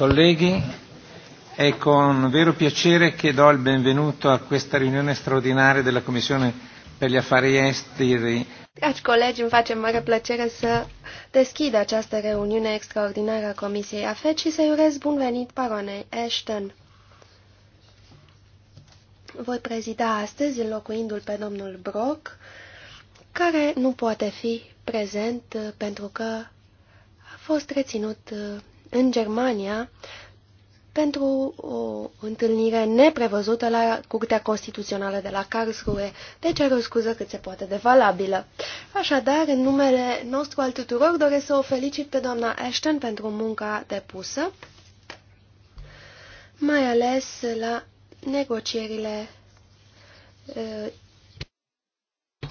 colleghi, è con vero piacere che do il benvenuto a questa riunione straordinaria della Commissione per gli affari esteri. Dragi colegi, îmi face mare plăcere să deschid această reuniune extraordinară a Comisiei AFET și să-i urez bun venit baronei Ashton. Voi prezida astăzi, înlocuindu-l pe domnul Brock, care nu poate fi prezent pentru că a fost reținut în Germania pentru o întâlnire neprevăzută la Curtea Constituțională de la Karlsruhe, deci are o scuză cât se poate de valabilă. Așadar, în numele nostru al tuturor, doresc să o felicit pe doamna Ashton pentru munca depusă, mai ales la negocierile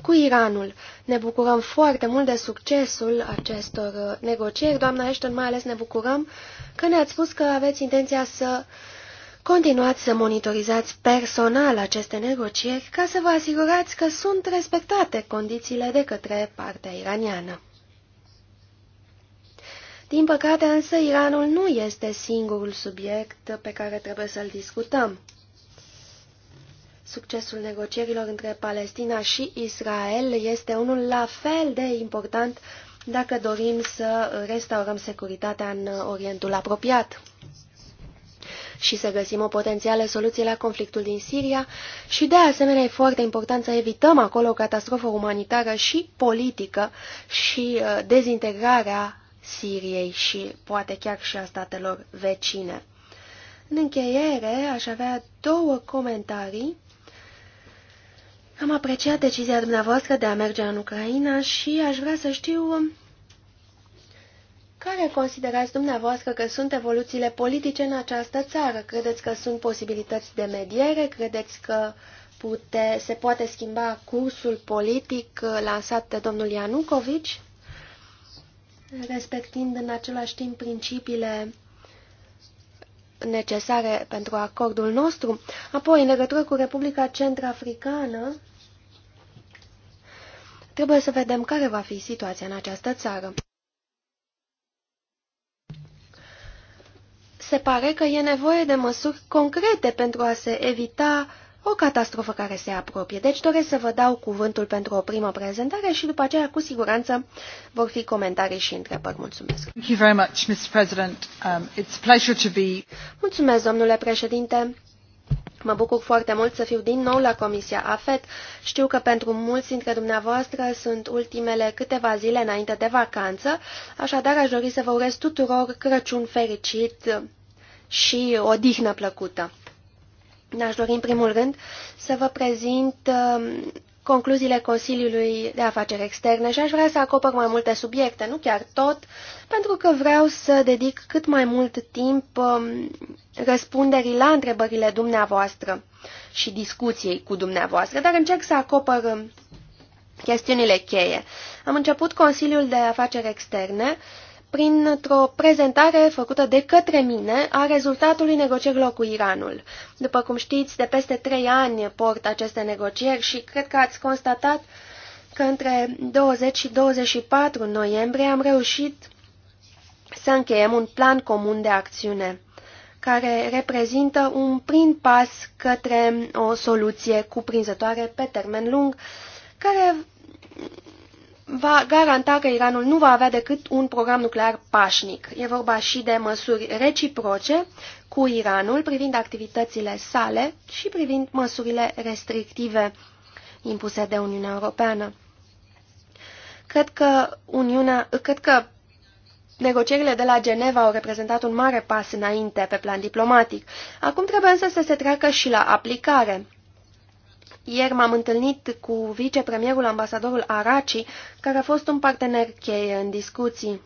cu Iranul. Ne bucurăm foarte mult de succesul acestor uh, negocieri. Doamna Ashton, mai ales ne bucurăm că ne-ați spus că aveți intenția să continuați să monitorizați personal aceste negocieri ca să vă asigurați că sunt respectate condițiile de către partea iraniană. Din păcate însă, Iranul nu este singurul subiect pe care trebuie să-l discutăm. Succesul negocierilor între Palestina și Israel este unul la fel de important dacă dorim să restaurăm securitatea în Orientul apropiat și să găsim o potențială soluție la conflictul din Siria și de asemenea e foarte important să evităm acolo o catastrofă umanitară și politică și uh, dezintegrarea Siriei și poate chiar și a statelor vecine. În încheiere, aș avea două comentarii am apreciat decizia dumneavoastră de a merge în Ucraina și aș vrea să știu care considerați dumneavoastră că sunt evoluțiile politice în această țară? Credeți că sunt posibilități de mediere? Credeți că pute, se poate schimba cursul politic lansat de domnul Ianucovici, respectind în același timp principiile necesare pentru acordul nostru. Apoi, în legătură cu Republica Centrafricană, trebuie să vedem care va fi situația în această țară. Se pare că e nevoie de măsuri concrete pentru a se evita uh, o catastrofă care se apropie. Deci doresc să vă dau cuvântul pentru o primă prezentare și după aceea cu siguranță vor fi comentarii și întrebări. Mulțumesc. Thank you very much, Mr. President. Um, it's a pleasure to be... Mulțumesc, domnule președinte. Mă bucur foarte mult să fiu din nou la Comisia AFET. Știu că pentru mulți dintre dumneavoastră sunt ultimele câteva zile înainte de vacanță, așadar aș dori să vă urez tuturor Crăciun fericit și o dihnă plăcută. Aș dori în primul rând să vă prezint uh, concluziile Consiliului de Afaceri Externe și aș vrea să acopăr mai multe subiecte, nu chiar tot, pentru că vreau să dedic cât mai mult timp um, răspunderii la întrebările dumneavoastră și discuției cu dumneavoastră, dar încerc să acopăr um, chestiunile cheie. Am început Consiliul de Afaceri Externe uh, printr-o prezentare făcută de către mine a rezultatului negocierilor cu Iranul. După cum știți, de peste trei ani port aceste negocieri și cred că ați constatat că între 20 și 24 noiembrie am reușit să încheiem un plan comun de acțiune, care reprezintă un prim pas către o soluție cuprinzătoare pe termen lung, care va garanta că Iranul nu va avea decât un program nuclear pașnic. E vorba și de măsuri reciproce cu Iranul privind activitățile sale și privind măsurile restrictive impuse de Uniunea Europeană. Cred că, Uniunea, cred că negocierile de la Geneva au reprezentat un mare pas înainte pe plan diplomatic. Acum trebuie însă să se treacă și la aplicare. Ieri m-am întâlnit cu vicepremierul ambasadorul Araci, care a fost un partener cheie în discuții.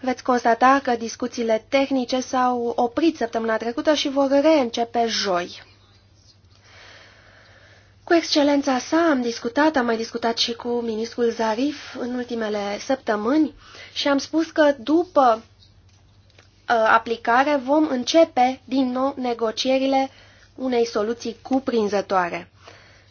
Veți constata că discuțiile tehnice s-au oprit săptămâna trecută și vor reîncepe joi. Cu excelența sa am discutat, am mai discutat și cu ministrul Zarif în ultimele săptămâni și am spus că după uh, aplicare vom începe din nou negocierile unei soluții cuprinzătoare.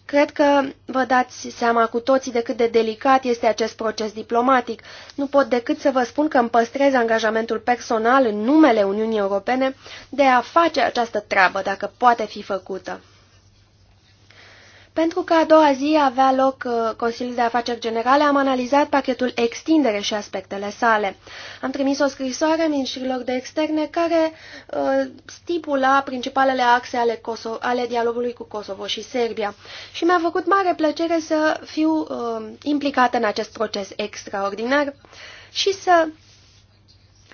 Cred că vă dați seama cu toții de cât de delicat este acest proces diplomatic. Nu pot decât să vă spun că îmi păstrez angajamentul personal în numele Uniunii Europene de a face această treabă, dacă poate fi făcută. Pentru că a doua zi avea loc uh, Consiliul de Afaceri Generale, am analizat pachetul extindere și aspectele sale. Am trimis o scrisoare ministrilor de externe care uh, stipula principalele axe ale, Kosovo, ale dialogului cu Kosovo și Serbia. Și mi-a făcut mare plăcere să fiu uh, implicată în acest proces extraordinar și să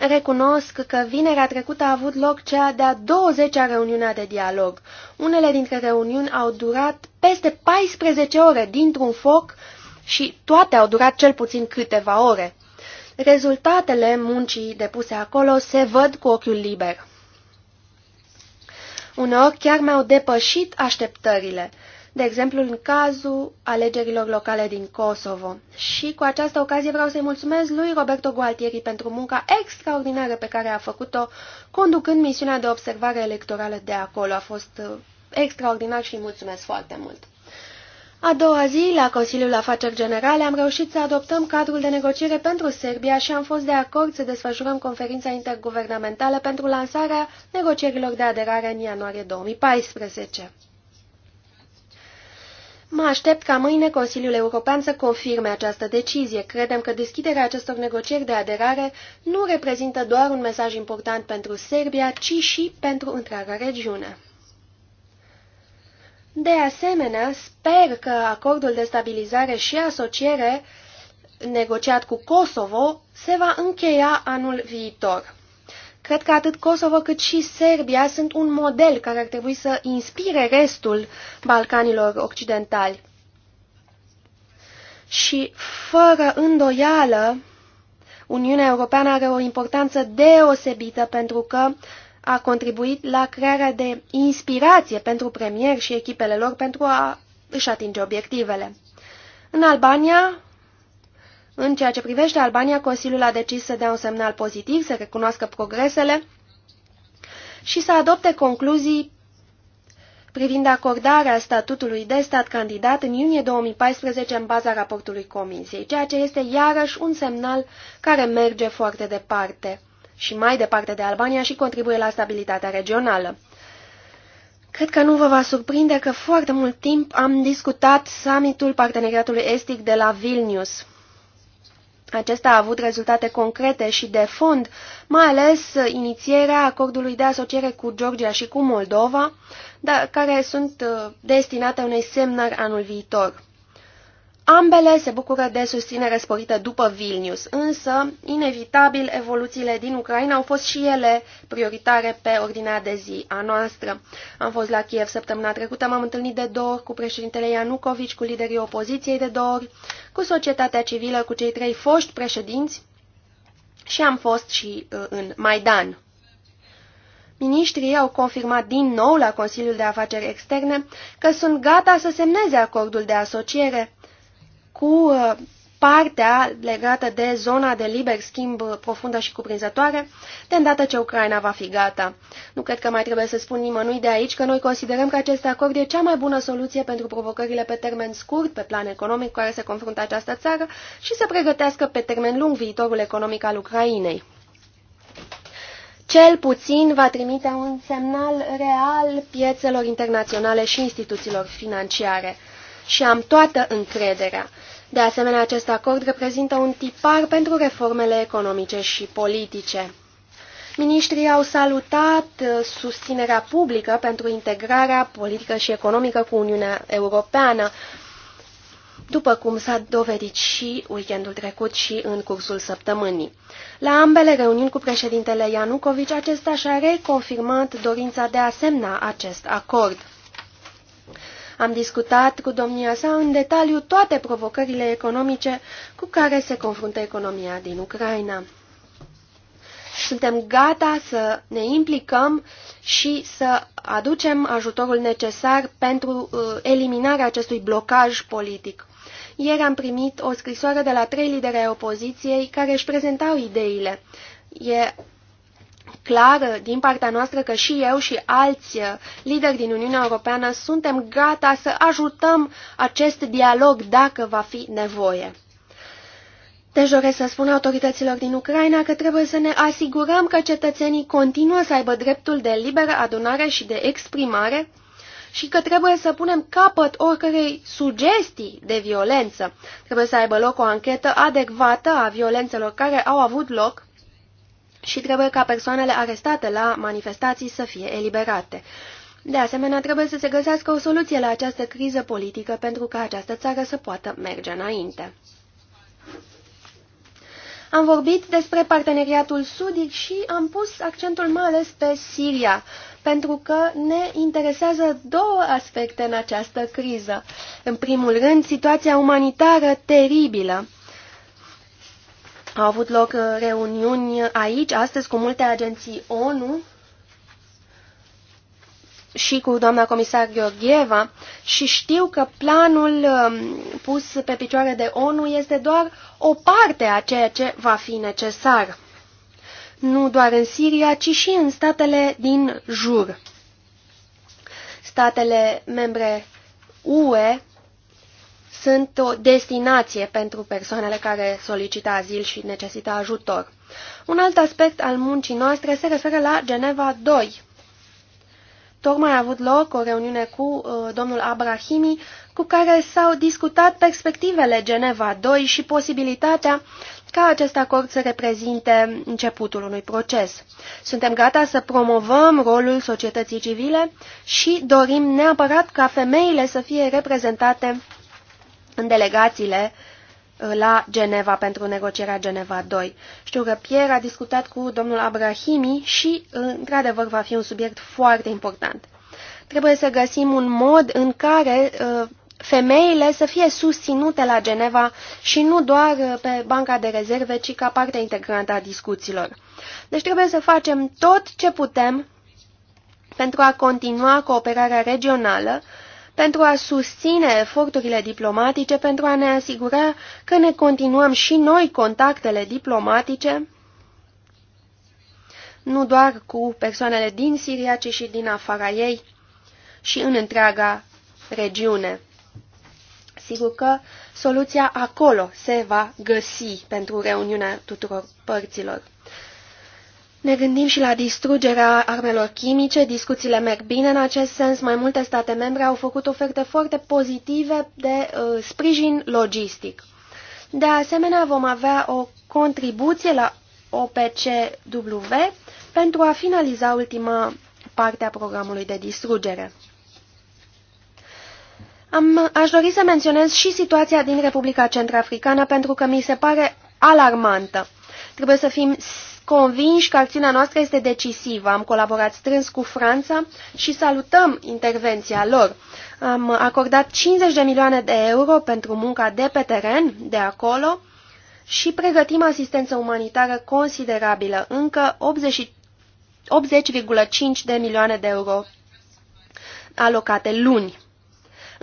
Recunosc că vinerea trecută a avut loc cea de-a 20-a reuniune de dialog. Unele dintre reuniuni au durat peste 14 ore dintr-un foc și toate au durat cel puțin câteva ore. Rezultatele muncii depuse acolo se văd cu ochiul liber. Uneori chiar mi-au depășit așteptările de exemplu în cazul alegerilor locale din Kosovo. Și cu această ocazie vreau să-i mulțumesc lui Roberto Gualtieri pentru munca extraordinară pe care a făcut-o conducând misiunea de observare electorală de acolo. A fost uh, extraordinar și îi mulțumesc foarte mult. A doua zi, la Consiliul Afaceri Generale, am reușit să adoptăm cadrul de negociere pentru Serbia și am fost de acord să desfășurăm conferința interguvernamentală pentru lansarea negocierilor de aderare în ianuarie 2014. Mă aștept ca mâine Consiliul European să confirme această decizie. Credem că deschiderea acestor negocieri de aderare nu reprezintă doar un mesaj important pentru Serbia, ci și pentru întreaga regiune. De asemenea, sper că acordul de stabilizare și asociere negociat cu Kosovo se va încheia anul viitor. Cred că atât Kosovo cât și Serbia sunt un model care ar trebui să inspire restul Balcanilor occidentali. Și fără îndoială, Uniunea Europeană are o importanță deosebită pentru că a contribuit la crearea de inspirație pentru premier și echipele lor pentru a își atinge obiectivele. În Albania, în ceea ce privește Albania, Consiliul a decis să dea un semnal pozitiv, să recunoască progresele și să adopte concluzii privind acordarea statutului de stat candidat în iunie 2014 în baza raportului Comisiei, ceea ce este iarăși un semnal care merge foarte departe și mai departe de Albania și contribuie la stabilitatea regională. Cred că nu vă va surprinde că foarte mult timp am discutat summitul parteneriatului estic de la Vilnius. Acesta a avut rezultate concrete și de fond, mai ales inițierea acordului de asociere cu Georgia și cu Moldova, dar care sunt uh, destinate unei semnări anul viitor. Ambele se bucură de susținere sporită după Vilnius, însă, inevitabil, evoluțiile din Ucraina au fost și ele prioritare pe ordinea de zi a noastră. Am fost la Kiev săptămâna trecută, m-am întâlnit de două ori cu președintele Ianucovici, cu liderii opoziției de două ori, cu societatea civilă, cu cei trei foști președinți și am fost și uh, în Maidan. Ministrii au confirmat din nou la Consiliul de Afaceri Externe că sunt gata să semneze acordul de asociere, cu uh, partea legată de zona de liber schimb profundă și cuprinzătoare, de îndată ce Ucraina va fi gata. Nu cred că mai trebuie să spun nimănui de aici că noi considerăm că acest acord e cea mai bună soluție pentru provocările pe termen scurt, pe plan economic, cu care se confruntă această țară și să pregătească pe termen lung viitorul economic al Ucrainei. Cel puțin va trimite un semnal real piețelor internaționale și instituțiilor financiare – și am toată încrederea. De asemenea, acest acord reprezintă un tipar pentru reformele economice și politice. Ministrii au salutat uh, susținerea publică pentru integrarea politică și economică cu Uniunea Europeană, după cum s-a dovedit și weekendul trecut și în cursul săptămânii. La ambele reuniuni cu președintele Ianucovici, acesta și-a reconfirmat dorința de a semna acest acord. Am discutat cu domnia sa în detaliu toate provocările economice cu care se confruntă economia din Ucraina. Suntem gata să ne implicăm și să aducem ajutorul necesar pentru uh, eliminarea acestui blocaj politic. Ieri am primit o scrisoare de la trei lideri ai opoziției care își prezentau ideile. E clară din partea noastră că și eu și alți uh, lideri din Uniunea Europeană suntem gata să ajutăm acest dialog dacă va fi nevoie. Deci doresc să spun autorităților din Ucraina că trebuie să ne asigurăm că cetățenii continuă să aibă dreptul de liberă adunare și de exprimare și că trebuie să punem capăt oricărei sugestii de violență. Trebuie să aibă loc o anchetă adecvată a violențelor care au avut loc și trebuie ca persoanele arestate la manifestații să fie eliberate. De asemenea, trebuie să se găsească o soluție la această criză politică pentru ca această țară să poată merge înainte. Am vorbit despre parteneriatul sudic și am pus accentul mai ales pe Siria, pentru că ne interesează două aspecte în această criză. În primul rând, situația umanitară teribilă au avut loc uh, reuniuni aici, astăzi, cu multe agenții ONU și cu doamna comisar Gheorgheva și știu că planul um, pus pe picioare de ONU este doar o parte a ceea ce va fi necesar. Nu doar în Siria, ci și în statele din jur. Statele membre UE sunt o destinație pentru persoanele care solicită azil și necesită ajutor. Un alt aspect al muncii noastre se referă la Geneva 2. Tocmai a avut loc o reuniune cu uh, domnul Abrahimi, cu care s-au discutat perspectivele Geneva 2 și posibilitatea ca acest acord să reprezinte începutul unui proces. Suntem gata să promovăm rolul societății civile și dorim neapărat ca femeile să fie reprezentate în delegațiile uh, la Geneva pentru negocierea Geneva 2. Știu că Pierre a discutat cu domnul Abrahimi și, uh, într-adevăr, va fi un subiect foarte important. Trebuie să găsim un mod în care uh, femeile să fie susținute la Geneva și nu doar pe banca de rezerve, ci ca parte integrantă a discuțiilor. Deci trebuie să facem tot ce putem pentru a continua cooperarea regională pentru a susține eforturile diplomatice, pentru a ne asigura că ne continuăm și noi contactele diplomatice, nu doar cu persoanele din Siria, ci și din afara ei și în întreaga regiune. Sigur că soluția acolo se va găsi pentru reuniunea tuturor părților. Ne gândim și la distrugerea armelor chimice, discuțiile merg bine în acest sens, mai multe state membre au făcut oferte foarte pozitive de uh, sprijin logistic. De asemenea, vom avea o contribuție la OPCW pentru a finaliza ultima parte a programului de distrugere. Am, aș dori să menționez și situația din Republica Centrafricană pentru că mi se pare alarmantă. Trebuie să fim convinși că acțiunea noastră este decisivă. Am colaborat strâns cu Franța și salutăm intervenția lor. Am acordat 50 de milioane de euro pentru munca de pe teren, de acolo, și pregătim asistență umanitară considerabilă, încă 80,5 de milioane de euro alocate luni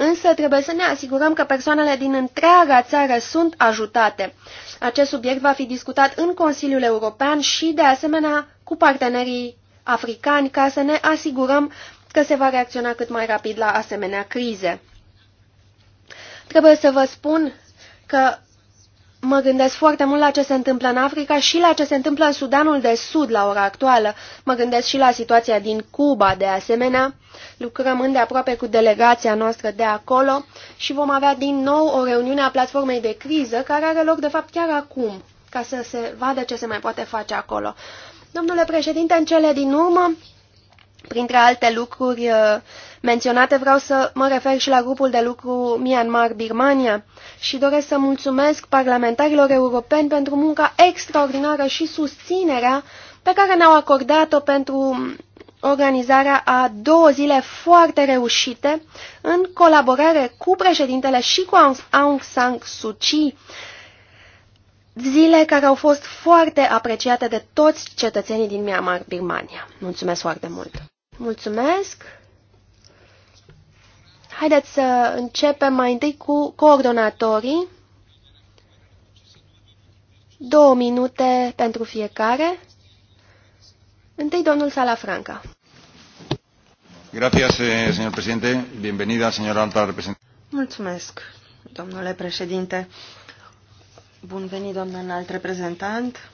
însă trebuie să ne asigurăm că persoanele din întreaga țară sunt ajutate. Acest subiect va fi discutat în Consiliul European și, de asemenea, cu partenerii africani ca să ne asigurăm că se va reacționa cât mai rapid la asemenea crize. Trebuie să vă spun că Mă gândesc foarte mult la ce se întâmplă în Africa și la ce se întâmplă în Sudanul de Sud la ora actuală. Mă gândesc și la situația din Cuba, de asemenea. Lucrăm îndeaproape cu delegația noastră de acolo și vom avea din nou o reuniune a platformei de criză, care are loc, de fapt, chiar acum, ca să se vadă ce se mai poate face acolo. Domnule președinte, în cele din urmă, Printre alte lucruri uh, menționate, vreau să mă refer și la grupul de lucru Myanmar-Birmania și doresc să mulțumesc parlamentarilor europeni pentru munca extraordinară și susținerea pe care ne-au acordat-o pentru organizarea a două zile foarte reușite în colaborare cu președintele și cu Aung San Suu Kyi zile care au fost foarte apreciate de toți cetățenii din Myanmar, Birmania. Mulțumesc foarte mult! Mulțumesc! Haideți să începem mai întâi cu coordonatorii. Două minute pentru fiecare. Întâi domnul Salafranca. Gracias, eh, señor presidente. Bienvenida, señora alta representante. Mulțumesc, domnule președinte. Bun venit, doamnă înalt reprezentant.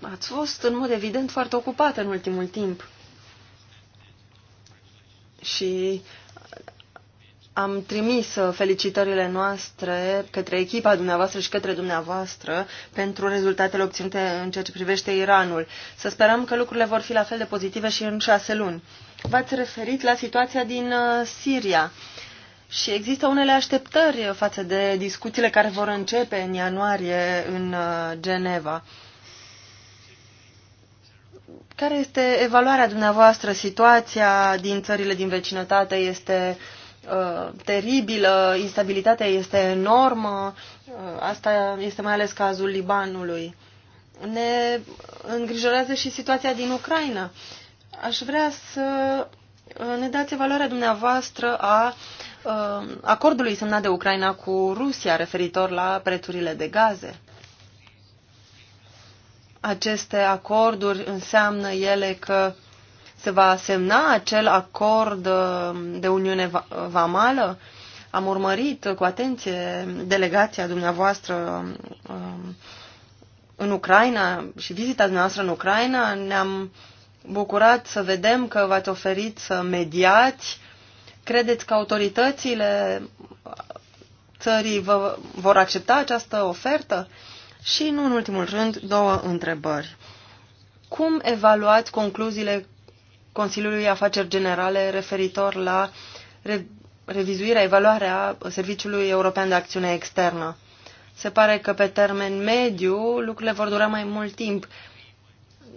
Ați fost, în mod evident, foarte ocupată în ultimul timp. Și am trimis felicitările noastre către echipa dumneavoastră și către dumneavoastră pentru rezultatele obținute în ceea ce privește Iranul. Să sperăm că lucrurile vor fi la fel de pozitive și în șase luni. V-ați referit la situația din uh, Siria. Și există unele așteptări față de discuțiile care vor începe în ianuarie în uh, Geneva. Care este evaluarea dumneavoastră? Situația din țările din vecinătate este uh, teribilă, instabilitatea este enormă, uh, asta este mai ales cazul Libanului. Ne îngrijorează și situația din Ucraina. Aș vrea să ne dați evaluarea dumneavoastră a uh, Uh, acordului semnat de Ucraina cu Rusia referitor la prețurile de gaze. Aceste acorduri înseamnă ele că se va semna acel acord uh, de Uniune Vamală? Am urmărit cu atenție delegația dumneavoastră um, în Ucraina și vizita dumneavoastră în Ucraina. Ne-am bucurat să vedem că v-ați oferit să mediați Credeți că autoritățile țării vă, vor accepta această ofertă? Și, nu în ultimul rând, două întrebări. Cum evaluați concluziile Consiliului Afaceri Generale referitor la re, revizuirea, evaluarea Serviciului European de Acțiune Externă? Se pare că pe termen mediu lucrurile vor dura mai mult timp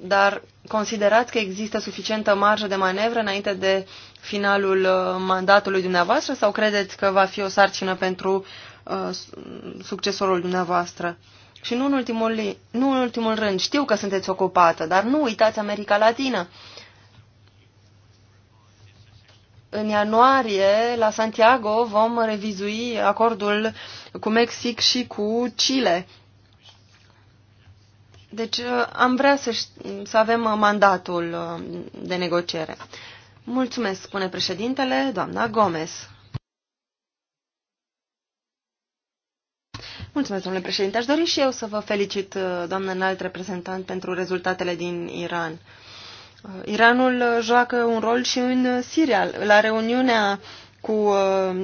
dar considerați că există suficientă marjă de manevră înainte de finalul uh, mandatului dumneavoastră sau credeți că va fi o sarcină pentru uh, succesorul dumneavoastră? Și nu în, ultimul, nu în ultimul rând, știu că sunteți ocupată, dar nu uitați America Latină. În ianuarie, la Santiago, vom revizui acordul cu Mexic și cu Chile deci uh, am vrea să, să avem uh, mandatul uh, de negociere. Mulțumesc, spune președintele, doamna Gomez. Mulțumesc, domnule președinte. Aș dori și eu să vă felicit, doamnă înalt reprezentant, pentru rezultatele din Iran. Iranul joacă un rol și în Siria. La reuniunea cu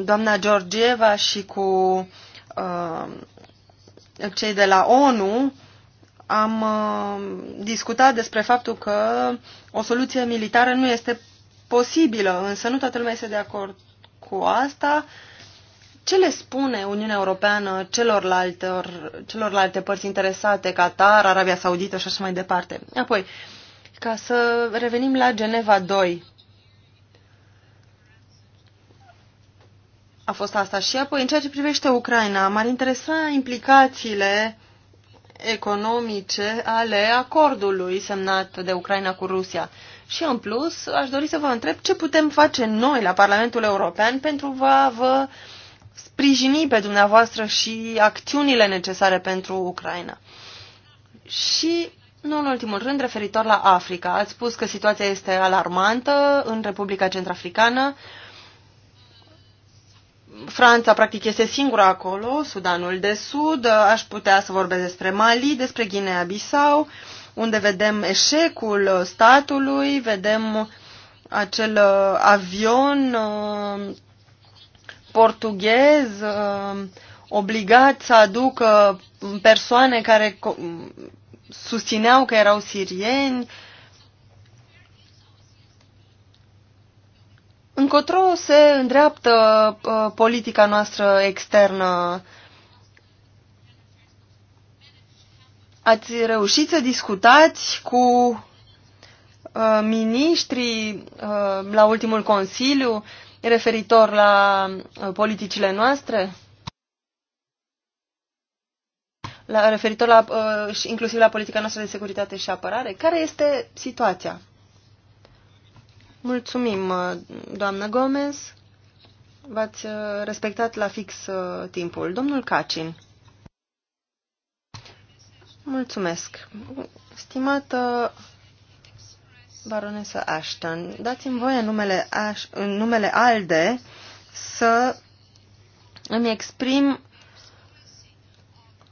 doamna Georgieva și cu cei de la ONU, am uh, discutat despre faptul că o soluție militară nu este posibilă, însă nu toată lumea este de acord cu asta. Ce le spune Uniunea Europeană celorlalte, celorlalte părți interesate, Qatar, Arabia Saudită și așa mai departe? Apoi, ca să revenim la Geneva 2. A fost asta și apoi, în ceea ce privește Ucraina, m-ar interesa implicațiile economice ale acordului semnat de Ucraina cu Rusia. Și în plus, aș dori să vă întreb ce putem face noi la Parlamentul European pentru a vă sprijini pe dumneavoastră și acțiunile necesare pentru Ucraina. Și, nu în ultimul rând, referitor la Africa. Ați spus că situația este alarmantă în Republica Centrafricană. Franța, practic, este singura acolo, Sudanul de Sud, aș putea să vorbesc despre Mali, despre Guinea-Bissau, unde vedem eșecul statului, vedem acel uh, avion uh, portughez uh, obligat să aducă persoane care susțineau că erau sirieni, încotro se îndreaptă uh, politica noastră externă? Ați reușit să discutați cu uh, miniștrii uh, la ultimul Consiliu referitor la uh, politicile noastre? La, referitor la, uh, inclusiv la politica noastră de securitate și apărare? Care este situația? Mulțumim, uh, doamnă Gomez. V-ați uh, respectat la fix uh, timpul. Domnul Cacin. Mulțumesc. Stimată baronesă Ashton, dați-mi voie în numele, Ash, în numele ALDE să îmi exprim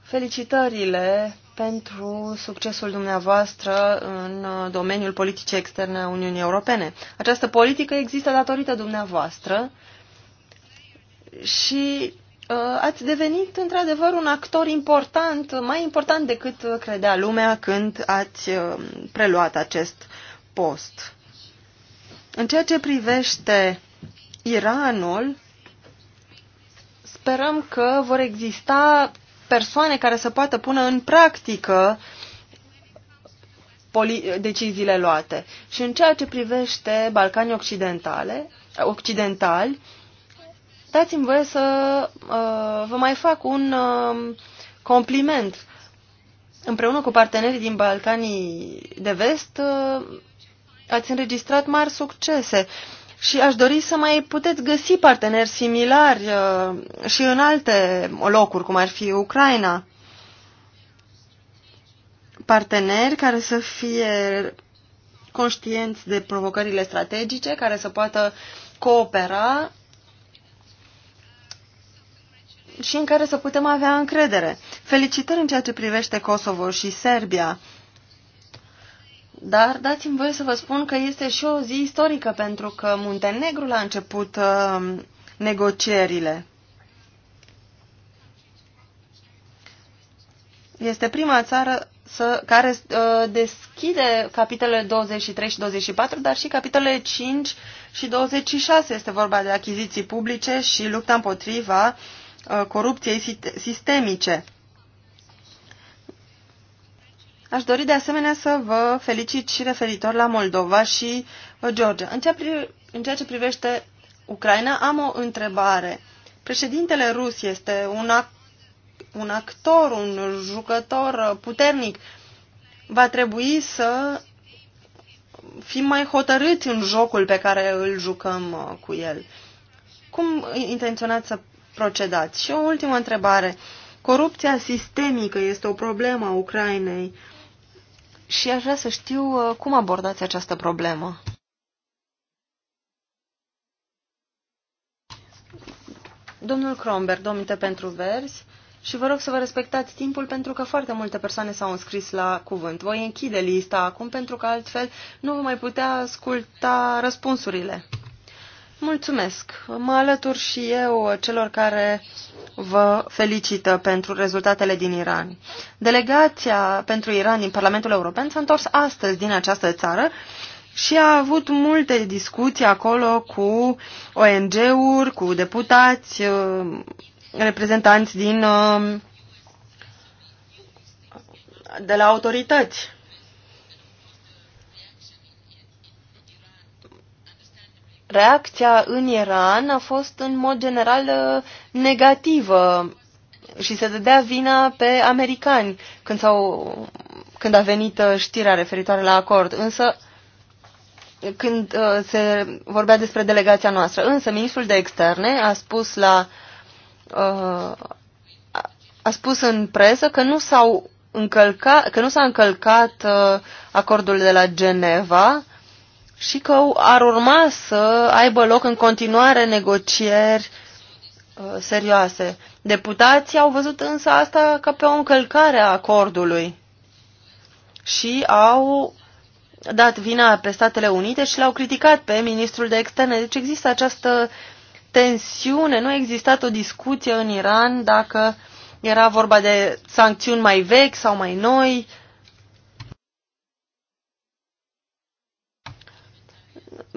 felicitările pentru succesul dumneavoastră în domeniul politicii externe a Uniunii Europene. Această politică există datorită dumneavoastră și uh, ați devenit într-adevăr un actor important, mai important decât credea lumea când ați uh, preluat acest post. În ceea ce privește Iranul, sperăm că vor exista persoane care să poată pune în practică deciziile luate. Și în ceea ce privește Balcanii Occidentale, occidentali, dați-mi voie să uh, vă mai fac un uh, compliment. Împreună cu partenerii din Balcanii de Vest, uh, ați înregistrat mari succese. Uh, și aș dori să mai puteți găsi parteneri similari uh, și în alte locuri, cum ar fi Ucraina. Parteneri care să fie conștienți de provocările strategice, care să poată coopera și în care să putem avea încredere. Felicitări în ceea ce privește Kosovo și Serbia. Dar dați-mi voie să vă spun că este și o zi istorică, pentru că Muntenegru a început uh, negocierile. Este prima țară să, care uh, deschide capitolele 23 și 24, dar și capitolele 5 și 26. Este vorba de achiziții publice și lupta împotriva uh, corupției sistemice. Aș dori de asemenea să vă felicit și referitor la Moldova și uh, Georgia. În ceea ce privește Ucraina, am o întrebare. Președintele rus este un, ac un actor, un jucător uh, puternic. Va trebui să fim mai hotărâți în jocul pe care îl jucăm uh, cu el. Cum intenționați să procedați? Și o ultimă întrebare. Corupția sistemică este o problemă a Ucrainei și aș vrea să știu uh, cum abordați această problemă. Domnul Cromberg, domnite pentru verzi și vă rog să vă respectați timpul pentru că foarte multe persoane s-au înscris la cuvânt. Voi închide lista acum pentru că altfel nu vă mai putea asculta răspunsurile. Mulțumesc. Mă alătur și eu celor care vă felicită pentru rezultatele din Iran. Delegația pentru Iran din Parlamentul European s-a întors astăzi din această țară și a avut multe discuții acolo cu ONG-uri, cu deputați, uh, reprezentanți din uh, de la autorități. reacția în Iran a fost în mod general uh, negativă și se dădea vina pe americani când, s-au, când a venit uh, știrea referitoare la acord. Însă, când uh, se vorbea despre delegația noastră. Însă, ministrul de externe a spus la a spus în presă că nu s-au încălcat, că nu s-a încălcat acordul de la Geneva și că ar urma să aibă loc în continuare negocieri uh, serioase. Deputații au văzut însă asta ca pe o încălcare a acordului și au dat vina pe Statele Unite și l-au criticat pe ministrul de externe. Deci există această tensiune, nu a existat o discuție în Iran dacă era vorba de sancțiuni mai vechi sau mai noi,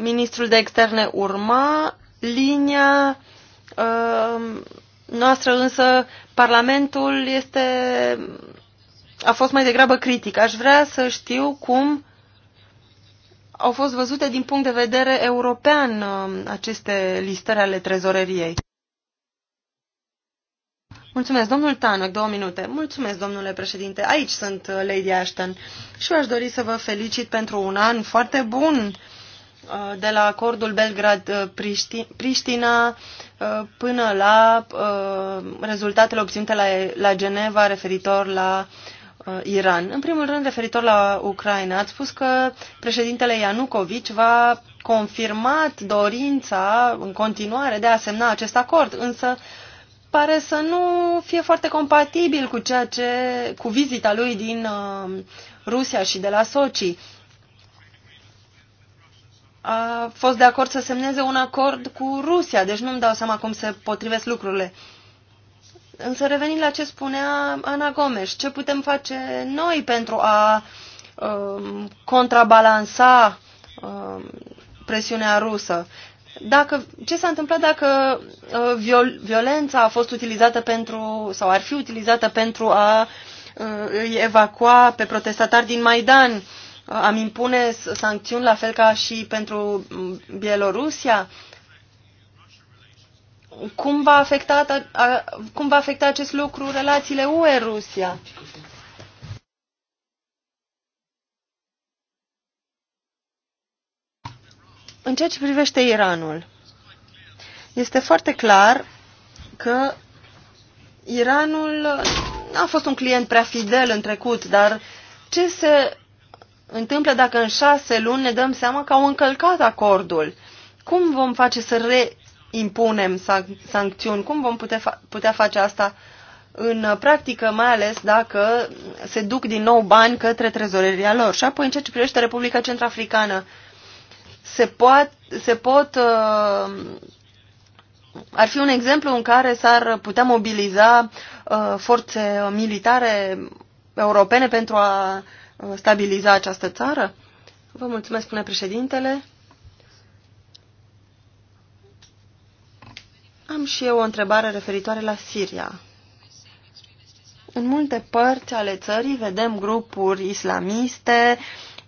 ministrul de externe urma linia uh, noastră, însă Parlamentul este, a fost mai degrabă critic. Aș vrea să știu cum au fost văzute din punct de vedere european uh, aceste listări ale trezoreriei. Mulțumesc, domnul Tanăc, două minute. Mulțumesc, domnule președinte. Aici sunt uh, Lady Ashton și eu aș dori să vă felicit pentru un an foarte bun Uh, de la acordul Belgrad-Priștina uh, până la uh, rezultatele obținute la, Geneva referitor la Iran. În primul rând, referitor la Ucraina, ați spus că președintele Ianucovici va confirmat dorința în continuare de a semna acest acord, însă pare să nu fie foarte compatibil cu ceea ce cu vizita lui din Rusia și de la Sochi a fost de acord să semneze un acord cu Rusia, deci nu-mi dau seama cum se potrivesc lucrurile. Însă revenind la ce spunea Ana Gomes, ce putem face noi pentru a um, contrabalansa um, presiunea rusă? Dacă, ce s-a întâmplat dacă uh, viol, violența a fost utilizată pentru, sau ar fi utilizată pentru a uh, evacua pe protestatari din Maidan? Uh, Uh, am impune sancțiuni la fel ca și pentru mm, Bielorusia? Cum va afecta, cum va afecta acest lucru relațiile UE-Rusia? În ceea ce privește Iranul, este foarte clar că Iranul a fost un client prea fidel în trecut, dar ce se întâmplă dacă în șase luni ne dăm seama că au încălcat acordul? Cum vom face să reimpunem san sancțiuni? Cum vom putea, fa- putea face asta în practică, mai ales dacă se duc din nou bani către trezoreria lor? Și apoi, în ceea ce privește Republica Centrafricană, se, se pot. Uh, ar fi un exemplu în care s-ar putea mobiliza uh, forțe militare europene pentru a uh, Uh, stabiliza această țară? Vă mulțumesc, spune președintele. Am și eu o întrebare referitoare la Siria. În multe părți ale țării vedem grupuri islamiste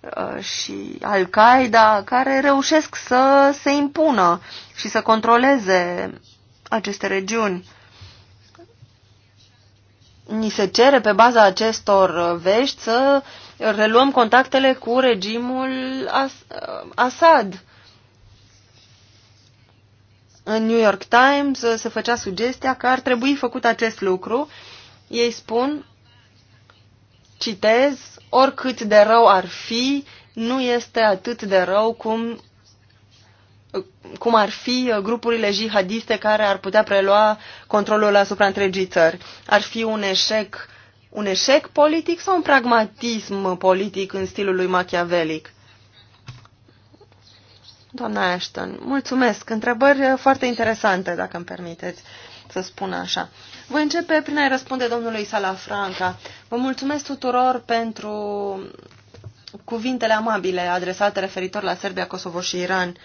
uh, și Al-Qaeda care reușesc să se impună și să controleze aceste regiuni. Ni se cere pe baza acestor vești să uh, reluăm contactele cu regimul As Assad. În New York Times se făcea sugestia că ar trebui făcut acest lucru. Ei spun, citez, oricât de rău ar fi, nu este atât de rău cum, cum ar fi grupurile jihadiste care ar putea prelua controlul asupra întregii țări. Ar fi un eșec un eșec politic sau un pragmatism politic în stilul lui machiavelic? Doamna Ashton, mulțumesc. Întrebări uh, foarte interesante, dacă îmi permiteți să spun așa. Voi începe prin a-i răspunde domnului Salafranca. Vă mulțumesc tuturor pentru cuvintele amabile adresate referitor la Serbia, Kosovo și Iran.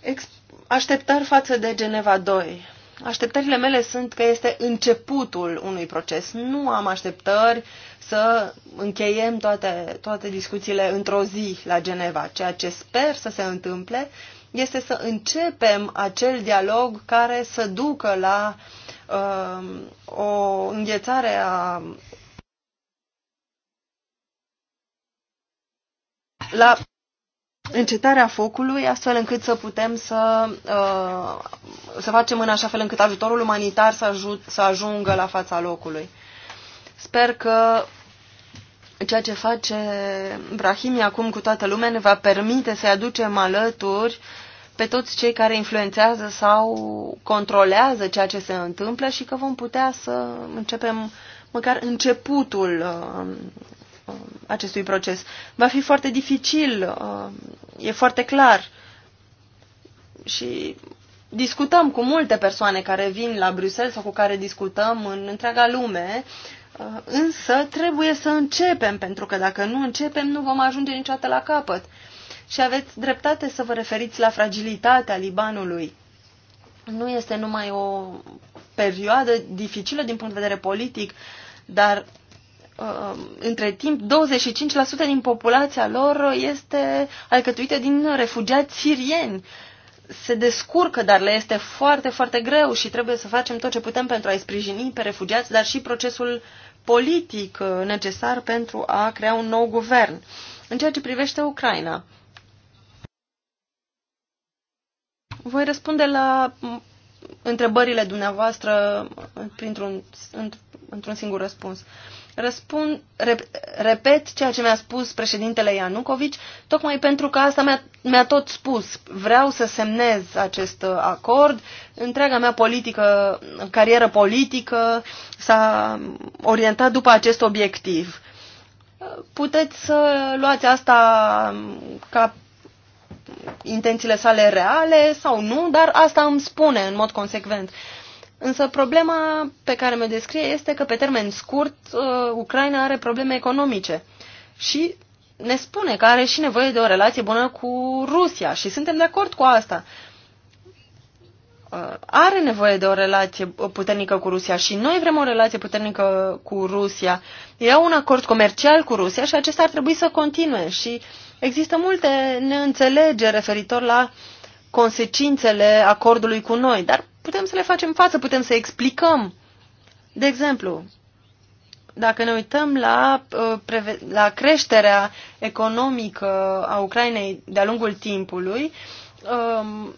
Ex- așteptări față de Geneva 2. Așteptările mele sunt că este începutul unui proces. Nu am așteptări să încheiem toate, toate discuțiile într-o zi la Geneva. Ceea ce sper să se întâmple este să începem acel dialog care să ducă la uh, o înghețare a. la încetarea focului, astfel încât să putem să, uh, să facem în așa fel încât ajutorul umanitar să, ajut, să ajungă la fața locului. Sper că ceea ce face Brahimi acum cu toată lumea ne va permite să-i aducem alături pe toți cei care influențează sau controlează ceea ce se întâmplă și că vom putea să începem măcar începutul uh, Um, acestui proces. Va fi foarte dificil, um, e foarte clar. Și discutăm cu multe persoane care vin la Bruxelles sau cu care discutăm în întreaga lume, uh, însă trebuie să începem, pentru că dacă nu începem, nu vom ajunge niciodată la capăt. Și aveți dreptate să vă referiți la fragilitatea Libanului. Nu este numai o perioadă dificilă din punct de vedere politic, dar Uh, între timp, 25% din populația lor este alcătuită din refugiați sirieni. Se descurcă, dar le este foarte, foarte greu și trebuie să facem tot ce putem pentru a-i sprijini pe refugiați, dar și procesul politic uh, necesar pentru a crea un nou guvern. În ceea ce privește Ucraina, voi răspunde la întrebările dumneavoastră printr-un, într-un singur răspuns. Răspund, rep, repet ceea ce mi-a spus președintele Ianucovici, tocmai pentru că asta mi-a, mi-a tot spus. Vreau să semnez acest uh, acord. Întreaga mea politică, carieră politică s-a orientat după acest obiectiv. Puteți să luați asta ca intențiile sale reale sau nu, dar asta îmi spune în mod consecvent. Uh, Însă problema pe care mi-o descrie este că pe termen scurt uh, Ucraina are probleme economice și ne spune că are și nevoie de o relație bună cu Rusia și suntem de acord cu asta. Uh, are nevoie de o relație puternică cu Rusia și noi vrem o relație puternică cu Rusia. E un acord comercial cu Rusia și acesta ar trebui să continue și există multe neînțelegeri referitor la consecințele acordului cu noi, dar putem să le facem față, putem să explicăm. De exemplu, dacă ne uităm la, uh, la creșterea economică a Ucrainei de-a lungul timpului, um,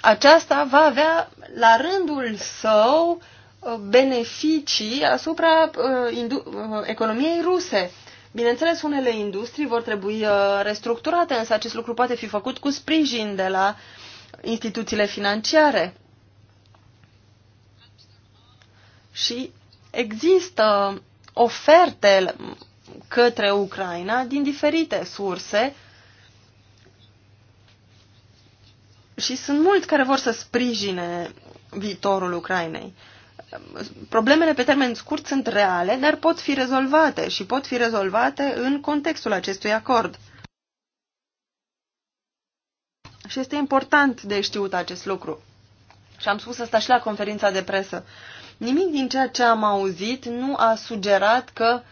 aceasta va avea la rândul său uh, beneficii asupra uh, economiei ruse. Bineînțeles, unele industrii vor trebui restructurate, însă acest lucru poate fi făcut cu sprijin de la instituțiile financiare. Și există oferte către Ucraina din diferite surse și sunt mulți care vor să sprijine viitorul Ucrainei. Problemele pe termen scurt sunt reale, dar pot fi rezolvate și pot fi rezolvate în contextul acestui acord. Și este important de știut acest lucru. Și am spus asta și la conferința de presă. Uh, Nimic din ceea ce am auzit nu a sugerat că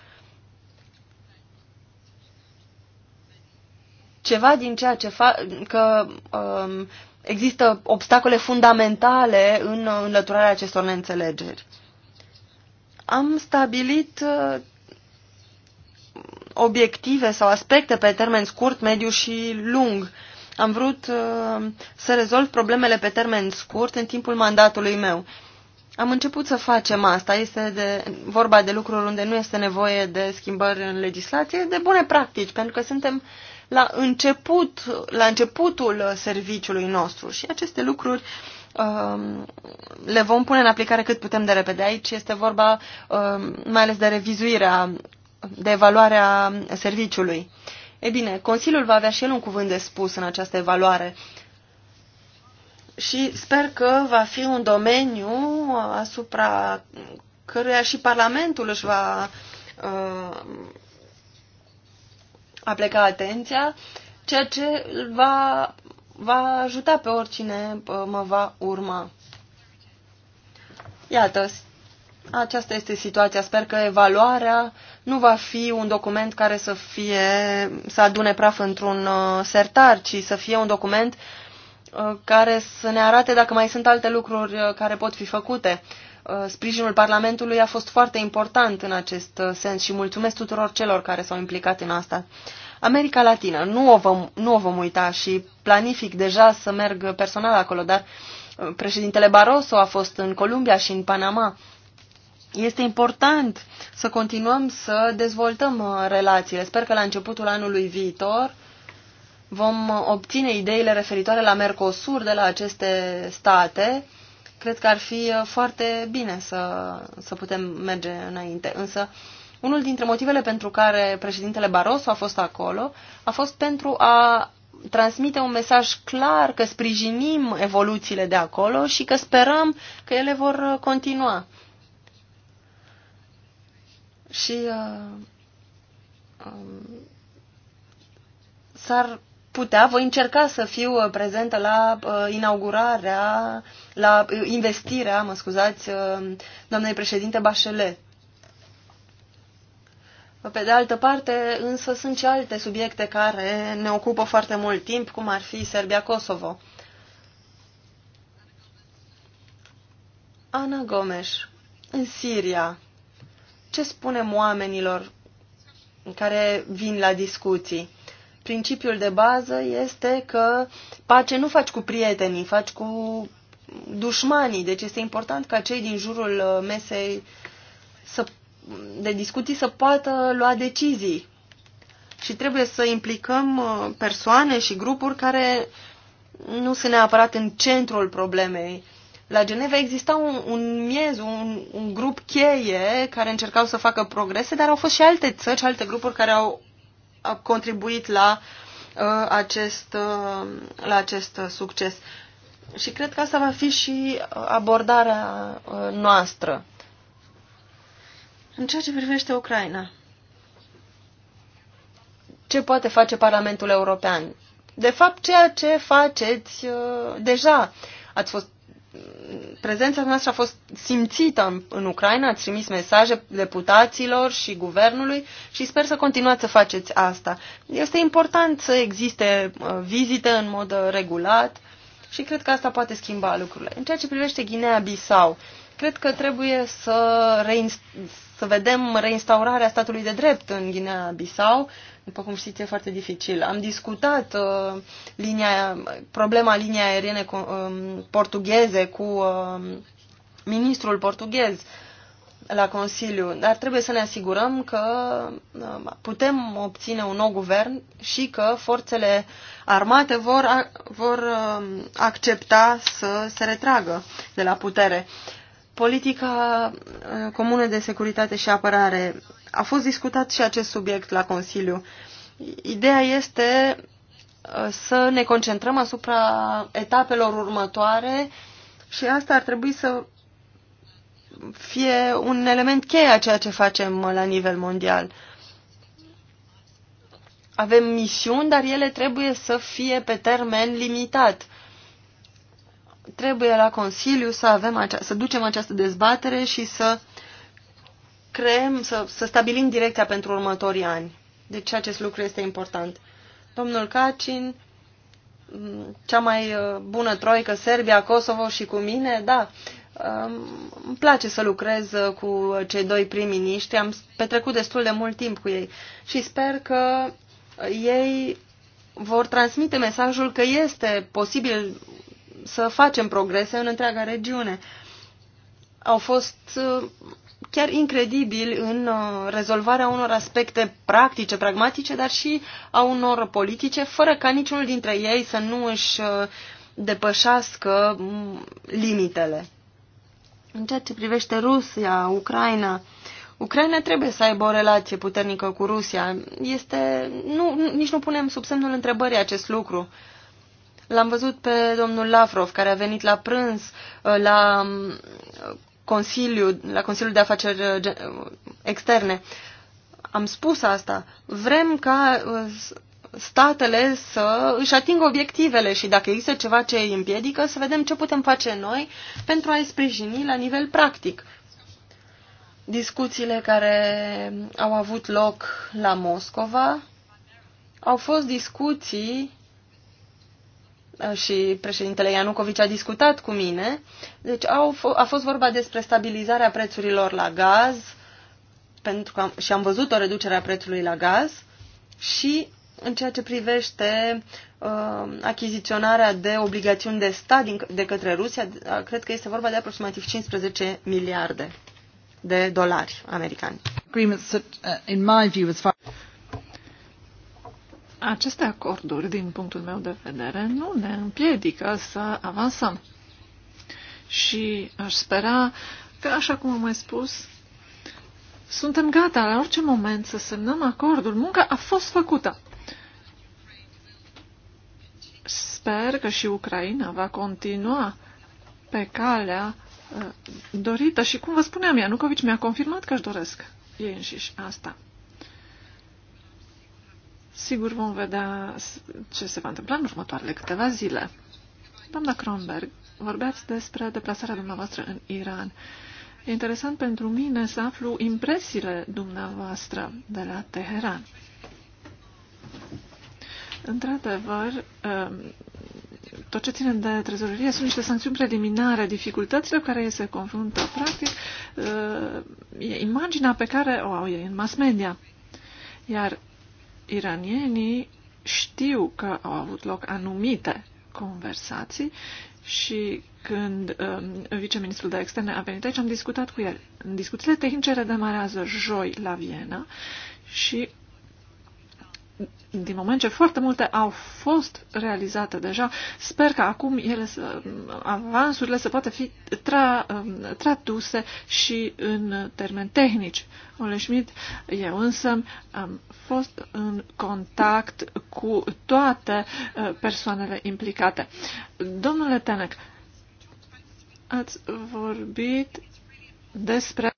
ceva din ceea ce fac, că um, există obstacole fundamentale în uh, înlăturarea acestor neînțelegeri. Am stabilit uh, obiective sau aspecte pe termen scurt, mediu și lung. Am vrut uh, să rezolv problemele pe termen scurt în timpul mandatului meu. Uh, am început să facem asta. Este de, vorba de lucruri unde nu este nevoie de schimbări în legislație, de bune practici, pentru că suntem la, început, la începutul serviciului nostru și aceste lucruri um, le vom pune în aplicare cât putem de repede. Aici este vorba um, mai ales de revizuirea, de evaluarea serviciului. E bine, Consiliul va avea și el un cuvânt de spus în această evaluare și sper că va fi un domeniu uh, asupra căruia și Parlamentul își va uh, apleca atenția, ceea ce va, va ajuta pe oricine uh, mă va urma. Iată, aceasta este situația. Sper că evaluarea nu va fi un document care să fie să adune praf într-un uh, sertar, ci să fie un document uh, Uh, care să ne arate dacă mai sunt alte lucruri uh, care pot fi făcute. Uh, sprijinul Parlamentului a fost foarte important în acest sens și mulțumesc tuturor celor care s-au implicat în asta. America Latină, nu o, vom, nu o vom uita și planific deja să merg personal acolo, dar președintele Barroso a fost în Columbia și în Panama. Este important să continuăm să dezvoltăm relațiile. Sper că la începutul anului viitor uh, Vom obține ideile referitoare la Mercosur de la aceste state. Cred că ar fi uh, foarte bine să, să putem merge înainte. Însă, unul dintre motivele pentru care președintele Barroso a fost acolo a fost pentru a transmite un mesaj clar că sprijinim evoluțiile de acolo și că sperăm că ele vor uh, continua. Și uh, um, s-ar putea, voi încerca să fiu uh, prezentă la uh, inaugurarea, la uh, investirea, mă scuzați, doamnei președinte Bachelet. Pe de altă parte, însă, sunt și alte subiecte care ne ocupă foarte mult timp, cum ar fi Serbia-Kosovo. Ana Gomes, în Siria, ce spunem oamenilor care vin la discuții? principiul de bază este că pace nu faci cu prietenii, faci cu dușmanii. Deci este important ca cei din jurul uh, mesei să, de discuții să poată lua decizii. Și trebuie să implicăm uh, persoane și grupuri care nu sunt neapărat în centrul problemei. La Geneva exista un, un miez, un, un grup cheie care încercau să facă progrese, dar au fost și alte țări, alte grupuri care au a contribuit la uh, acest, uh, la acest succes. Și cred că asta va fi și uh, abordarea noastră. În ceea ce privește Ucraina, ce poate face Parlamentul European? De fapt, ceea ce faceți deja. Ați fost prezența noastră a fost simțită în, în Ucraina, ați trimis mesaje deputaților și guvernului și sper să continuați să faceți asta. Este important să existe uh, vizite în mod uh, regulat și cred că asta poate schimba lucrurile. În ceea ce privește Guinea-Bissau, cred că trebuie să, reinst- să vedem reinstaurarea statului de drept în Guinea-Bissau după cum știți, e foarte dificil. Am discutat uh, linia, problema liniei aeriene cu, um, portugheze cu um, ministrul portughez la Consiliu, dar trebuie să ne asigurăm că uh, putem obține un nou guvern și că forțele armate vor, a, vor uh, accepta să se retragă de la putere. Politica uh, comună de securitate și apărare a fost discutat și acest subiect la Consiliu. Ideea este uh, să ne concentrăm asupra etapelor următoare și asta ar trebui să fie un element cheie a ceea ce facem uh, la nivel mondial. Avem misiuni, dar ele trebuie să fie pe termen limitat. Trebuie la Consiliu să, avem acea, să ducem această dezbatere și să creăm, să, să stabilim direcția pentru următorii ani. Deci acest lucru este important. Domnul Cacin, cea mai uh, bună troică, Serbia, Kosovo și cu mine, da, um, îmi place să lucrez uh, cu cei doi prim-miniștri, am petrecut destul de mult timp cu ei și sper că ei vor transmite mesajul că este posibil să facem progrese în întreaga regiune. Au fost uh, chiar incredibil în uh, rezolvarea unor aspecte practice, pragmatice, dar și a unor politice, fără ca niciunul dintre ei să nu își uh, depășească mm, limitele. În ceea ce privește Rusia, Ucraina, Ucraina trebuie să aibă o relație puternică cu Rusia. Este, nu, nici nu punem sub semnul întrebării acest lucru. L-am văzut pe domnul Lavrov, care a venit la prânz uh, la mm, Consiliu, la Consiliul de Afaceri uh, uh, Externe. Am spus asta. Vrem ca uh, statele să își atingă obiectivele și dacă există ceva ce îi împiedică, să vedem ce putem face noi pentru a-i sprijini la nivel practic. Discuțiile care au avut loc la Moscova au fost discuții și președintele Ianucovici a discutat cu mine. Deci au a fost vorba despre stabilizarea prețurilor la gaz pentru că am, și am văzut o reducere a prețului la gaz și în ceea ce privește uh, achiziționarea de obligațiuni de stat din, de către Rusia, cred că este vorba de aproximativ 15 miliarde de dolari americani. Aceste acorduri, din punctul meu de vedere, nu ne împiedică să avansăm. Și aș spera că, așa cum am mai spus, suntem gata la orice moment să semnăm acordul. Munca a fost făcută. Sper că și Ucraina va continua pe calea uh, dorită și, cum vă spuneam, Ianucovici mi-a confirmat că își doresc ei înșiși asta. Sigur vom vedea ce se va întâmpla în următoarele câteva zile. Doamna Kronberg, vorbeați despre deplasarea dumneavoastră în Iran. E interesant pentru mine să aflu impresiile dumneavoastră de la Teheran. Într-adevăr, um, tot ce ține de trezorerie sunt niște sancțiuni preliminare, dificultățile cu care ei se confruntă, practic, uh, e imaginea pe care o au ei în mass media. Iar iranienii știu că au avut loc anumite conversații și când um, viceministrul de externe a venit aici, am discutat cu el. Discuțiile tehnice redemarează joi la Viena și din moment ce foarte multe au fost realizate deja, sper că acum ele să, avansurile să poată fi tra, um, traduse și în termeni tehnici. Ole Schmidt, eu însă am fost în contact cu toate uh, persoanele implicate. Domnule Tenec, ați vorbit despre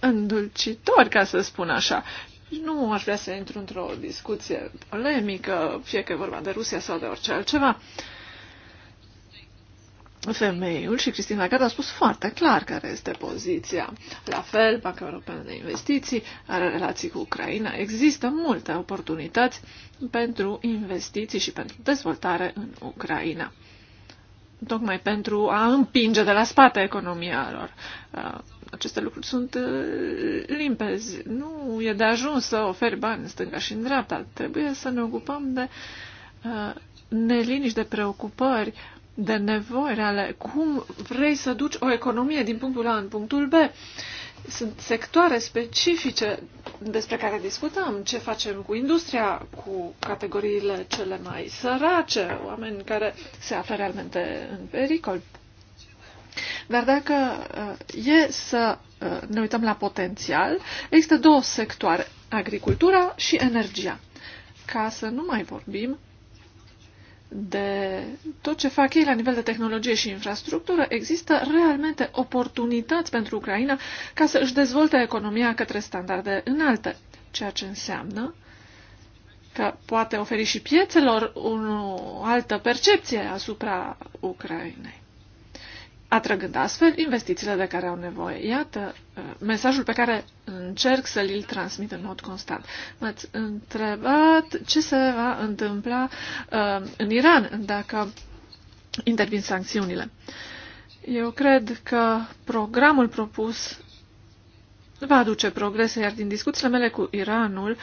îndulcitori, ca să spun așa. Nu aș vrea să intru într-o discuție polemică, fie că e vorba de Rusia sau de orice altceva. Femeiul și Cristina Lagarde a spus foarte clar care este poziția. La fel, Banca Europeană de Investiții are relații cu Ucraina. Există multe oportunități pentru investiții și pentru dezvoltare în Ucraina tocmai pentru a împinge de la spate economia lor. Uh, aceste lucruri sunt uh, limpezi. Nu e de ajuns să oferi bani în stânga și în dreapta. Trebuie să ne ocupăm de uh, neliniști, de preocupări, de nevoi reale. Cum vrei să duci o economie din punctul A în punctul B? sunt sectoare specifice despre care discutăm, ce facem cu industria, cu categoriile cele mai sărace, oameni care se află realmente în pericol. Dar dacă uh, e să uh, ne uităm la potențial, există două sectoare, agricultura și energia. Ca să nu mai vorbim de tot ce fac ei la nivel de tehnologie și infrastructură, există realmente oportunități pentru Ucraina ca să își dezvolte economia către standarde înalte, ceea ce înseamnă că poate oferi și piețelor o altă percepție asupra Ucrainei atrăgând astfel investițiile de care au nevoie. Iată uh, mesajul pe care încerc să-l transmit în mod constant. M-ați întrebat ce se va întâmpla uh, în Iran dacă intervin sancțiunile. Eu cred că programul propus va aduce progrese, iar din discuțiile mele cu Iranul,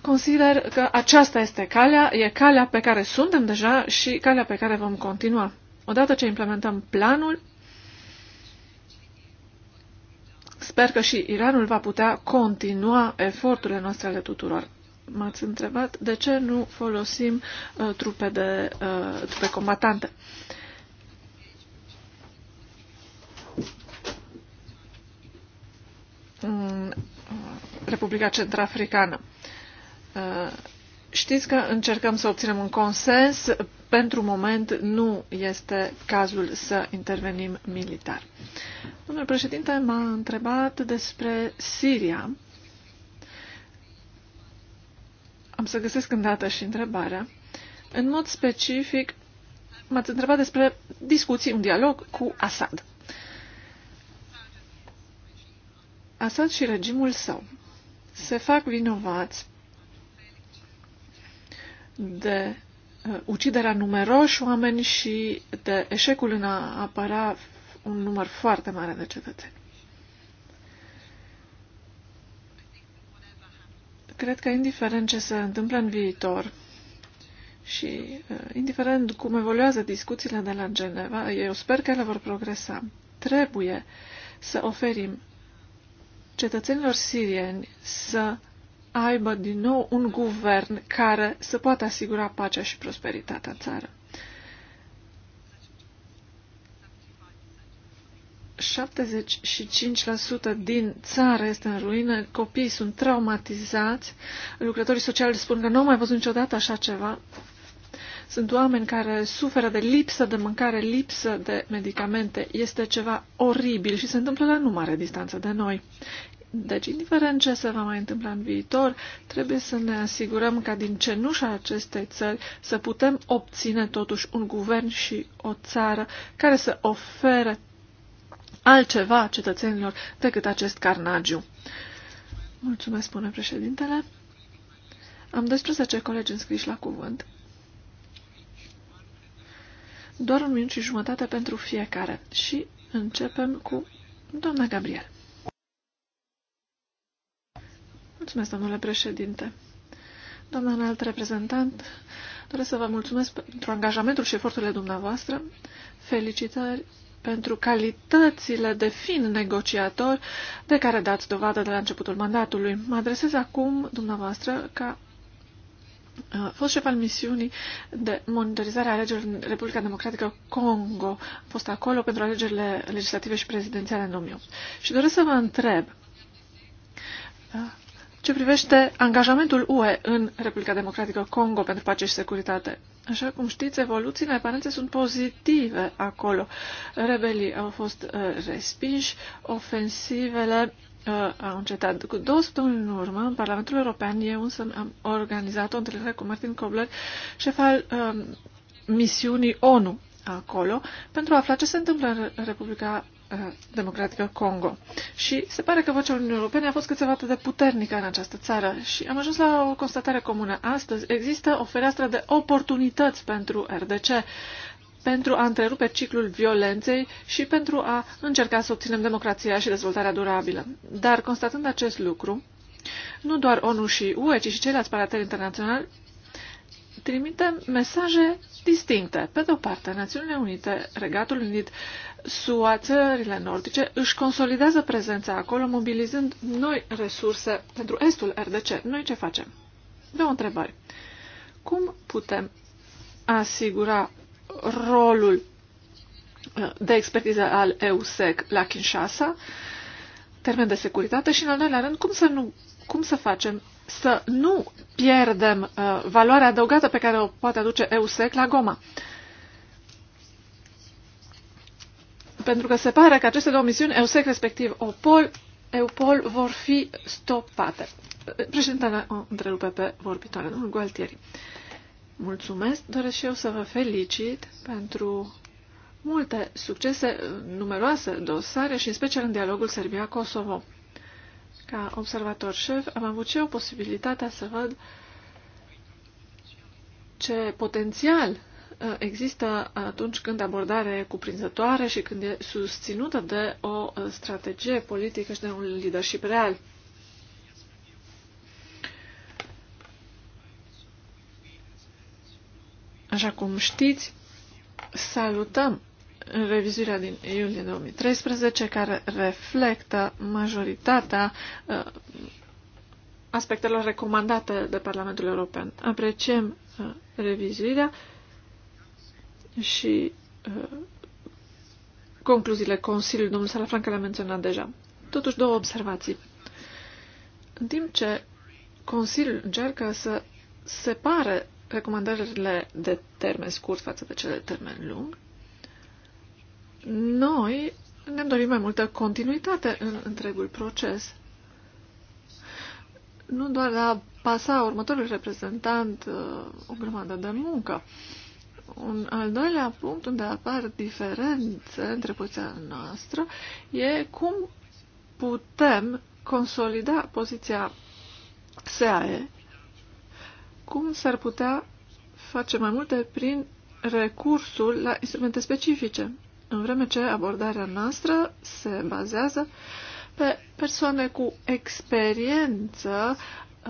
consider că aceasta este calea, e calea pe care suntem deja și calea pe care vom continua. Odată ce implementăm planul, sper că și Iranul va putea continua eforturile noastre ale tuturor. M-ați întrebat de ce nu folosim uh, trupe, de, uh, trupe combatante. Republica Centrafricană. Uh, Știți că încercăm să obținem un consens. Pentru moment nu este cazul să intervenim militar. Domnul președinte m-a întrebat despre Siria. Am să găsesc îndată și întrebarea. În mod specific, m-ați întrebat despre discuții, un dialog cu Assad. Assad și regimul său se fac vinovați de uh, uciderea numeroși oameni și de eșecul în a apăra un număr foarte mare de cetățeni. Cred că indiferent ce se întâmplă în viitor și uh, indiferent cum evoluează discuțiile de la Geneva, eu sper că ele vor progresa. Trebuie să oferim cetățenilor sirieni să aibă din nou un guvern care să poată asigura pacea și prosperitatea țară. 75% din țară este în ruină, copiii sunt traumatizați, lucrătorii sociali spun că nu au mai văzut niciodată așa ceva. Sunt oameni care suferă de lipsă de mâncare, lipsă de medicamente. Este ceva oribil și se întâmplă la nu mare distanță de noi. Deci, indiferent ce se va mai întâmpla în viitor, trebuie să ne asigurăm ca din cenușa acestei țări să putem obține totuși un guvern și o țară care să ofere altceva cetățenilor decât acest carnagiu. Mulțumesc, spune președintele. Am 12 colegi înscriși la cuvânt. Doar un minut și jumătate pentru fiecare. Și începem cu doamna Gabriel. Mulțumesc, domnule președinte. Doamna înalt reprezentant, doresc să vă mulțumesc pentru angajamentul și eforturile dumneavoastră. Felicitări pentru calitățile de fin negociator de care dați dovadă de la începutul mandatului. Mă adresez acum dumneavoastră ca uh, fost șef al misiunii de monitorizare a alegerilor în Republica Democratică Congo. A fost acolo pentru alegerile legislative și prezidențiale în 2008. Și doresc să vă întreb uh, ce privește angajamentul UE în Republica Democratică Congo pentru pace și securitate. Așa cum știți, evoluțiile aparențe sunt pozitive acolo. Rebelii au fost uh, respinși, ofensivele uh, au încetat. Cu două săptămâni în urmă, în Parlamentul European, eu însă am organizat o întâlnire cu Martin Kobler, șef al uh, misiunii ONU acolo, pentru a afla ce se întâmplă în Republica Eh, Democratică Congo. Și se pare că vocea Uniunii Europene a fost câțiva de puternică în această țară și am ajuns la o constatare comună. Astăzi există o fereastră de oportunități pentru RDC pentru a întrerupe ciclul violenței și pentru a încerca să obținem democrația și dezvoltarea durabilă. Dar constatând acest lucru, nu doar ONU și UE, ci și ceilalți parateri internaționali trimite mesaje distincte. Pe de o parte, Națiunile Unite, Regatul Unit, SUA, țările nordice își consolidează prezența acolo, mobilizând noi resurse pentru estul RDC. Noi ce facem? Două întrebări. Cum putem asigura rolul uh, de expertiză al EUSEC la Kinshasa, termen de securitate și, în al doilea rând, cum să, nu, cum să facem să nu pierdem uh, valoarea adăugată pe care o poate aduce EUSEC la Goma. Pentru că se pare că aceste două misiuni, EUSEC respectiv OPOL, EUPOL, vor fi stopate. Președintele o întrerupe pe vorbitoare, domnul Gualtieri. Mulțumesc, doresc și eu să vă felicit pentru multe succese, numeroase dosare și în special în dialogul Serbia-Kosovo. Ca observator șef am avut și eu posibilitatea să văd ce potențial uh, există atunci când abordare cuprinzătoare și când e susținută de o uh, strategie politică și de un leadership real. Așa cum știți, salutăm revizuirea din iulie 2013, care reflectă majoritatea uh, aspectelor recomandate de Parlamentul European. Apreciem uh, revizuirea și uh, concluziile Consiliului, domnul Salafranca le-a menționat deja. Totuși, două observații. În timp ce Consiliul încearcă să separe recomandările de termen scurt față de cele de termen lung, noi ne dorim mai multă continuitate în întregul proces. Nu doar la pasa următorul reprezentant uh, o grămadă de muncă. Un al doilea punct unde apar diferențe între poziția noastră e cum putem consolida poziția SAE, cum s-ar putea face mai multe prin recursul la instrumente specifice în vreme ce abordarea noastră se bazează pe persoane cu experiență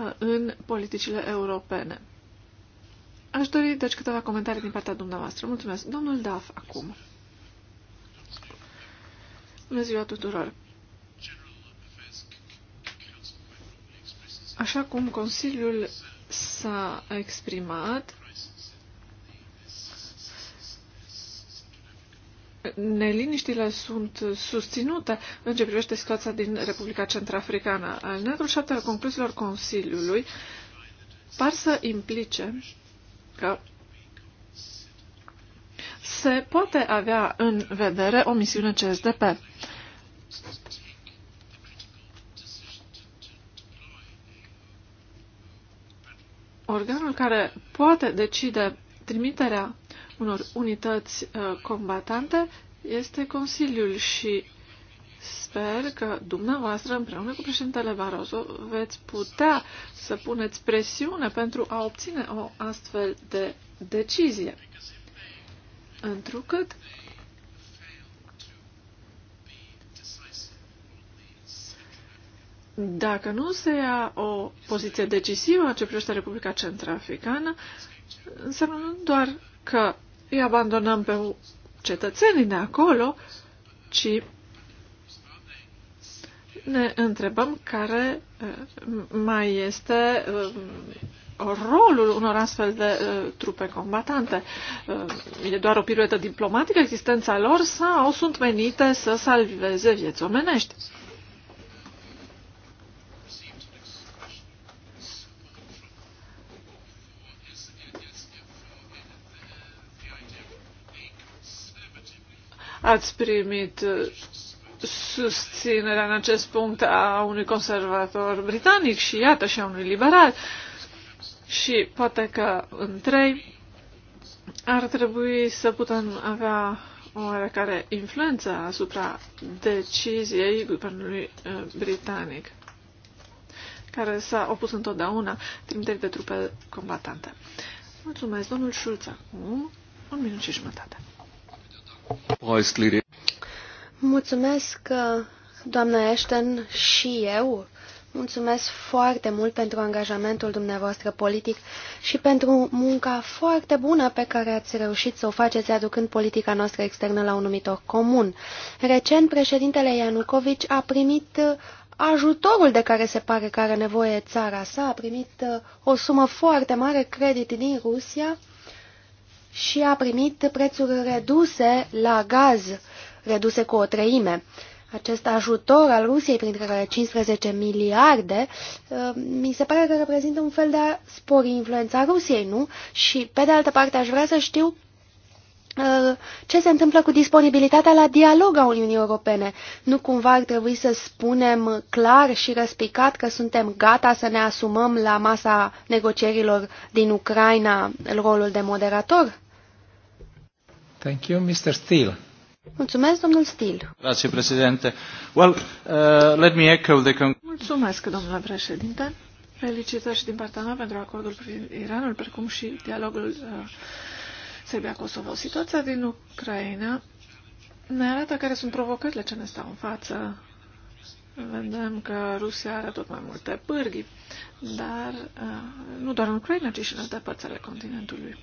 uh, în politicile europene. Aș dori, deci, câteva comentarii din partea dumneavoastră. Mulțumesc. Domnul Daf, acum. Bună ziua tuturor! Așa cum Consiliul s-a exprimat, neliniștile sunt susținute în ce privește situația din Republica Centrafricană. Alineatul șapte al concluziilor Consiliului par să implice că se poate avea în vedere o misiune CSDP. Organul care poate decide trimiterea unor unități uh, combatante este Consiliul și sper că dumneavoastră, împreună cu președintele Barroso, veți putea să puneți presiune pentru a obține o astfel de decizie. Întrucât dacă nu se ia o poziție decisivă în ce privește Republica Centrafricană, înseamnă nu doar că îi abandonăm pe cetățenii de acolo, ci ne întrebăm care uh, mai este uh, rolul unor astfel de uh, trupe combatante. E doar o piruetă diplomatică existența lor sau sunt menite să salveze vieți omenești? ați primit uh, susținerea în acest punct a unui conservator britanic și iată și a unui liberal. Și poate că în trei ar trebui să putem avea o oarecare influență asupra deciziei guvernului uh, britanic, care s-a opus întotdeauna trimiterii de trupe combatante. Mulțumesc, domnul Șulț, acum un minut și jumătate. Mulțumesc, doamna Ashton, și eu. Mulțumesc foarte mult pentru angajamentul dumneavoastră politic și pentru munca foarte bună pe care ați reușit să o faceți aducând politica noastră externă la un numitor comun. Recent, președintele Ianucovici a primit ajutorul de care se pare că are nevoie țara sa, a primit uh, o sumă foarte mare credit din Rusia și a primit prețuri reduse la gaz, reduse cu o treime. Acest ajutor al Rusiei, printre care 15 miliarde, uh, mi se pare că reprezintă un fel de a spori influența Rusiei, nu? Și, pe de altă parte, aș vrea să știu uh, ce se întâmplă cu disponibilitatea la dialog a Uniunii Europene. Nu cumva ar trebui să spunem clar și răspicat că suntem gata să ne asumăm la masa negocierilor din Ucraina rolul de moderator? Thank you, Mr. Steele. Mulțumesc, domnul Stil. Grazie, președinte. Well, uh, let me echo the Mulțumesc, domnule președinte. Felicitări și din partea mea pentru acordul cu Iranul, precum și dialogul uh, Serbia-Kosovo. Situația din Ucraina ne arată care sunt provocările ce ne stau în față. Vedem că Rusia are tot mai multe pârghii, dar uh, nu doar în Ucraina, ci și în alte părți ale continentului.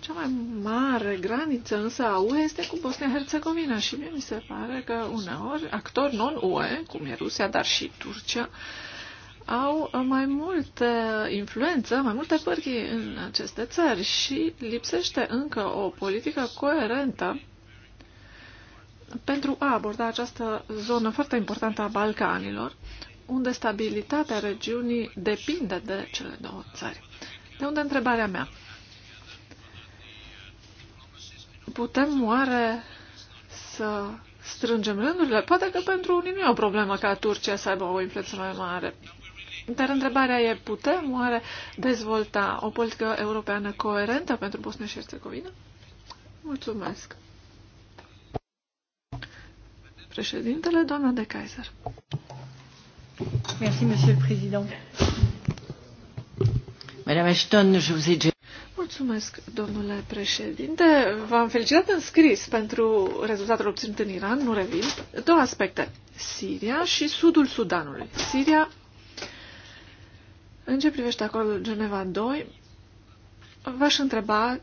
Cea mai mare graniță însă a UE este cu Bosnia-Herzegovina și mie mi se pare că uneori actori non-UE, cum e Rusia, dar și Turcia, au mai multă influență, mai multe părchi în aceste țări și lipsește încă o politică coerentă pentru a aborda această zonă foarte importantă a Balcanilor, unde stabilitatea regiunii depinde de cele două țări. De unde întrebarea mea? Putem oare să strângem rândurile? Poate că pentru unii nu e o problemă ca Turcia să aibă o influență mai mare. Dar întrebarea e, putem oare dezvolta o politică europeană coerentă pentru Bosnia și Herțegovina? Mulțumesc. Președintele, doamna de Kaiser. Merci, monsieur le président. Madame Ashton, je vous ai Mulțumesc, domnule președinte. V-am felicitat în scris pentru rezultatul obținut în Iran, nu revin. Două aspecte. Siria și sudul Sudanului. Siria, în ce privește acordul Geneva 2, v-aș întreba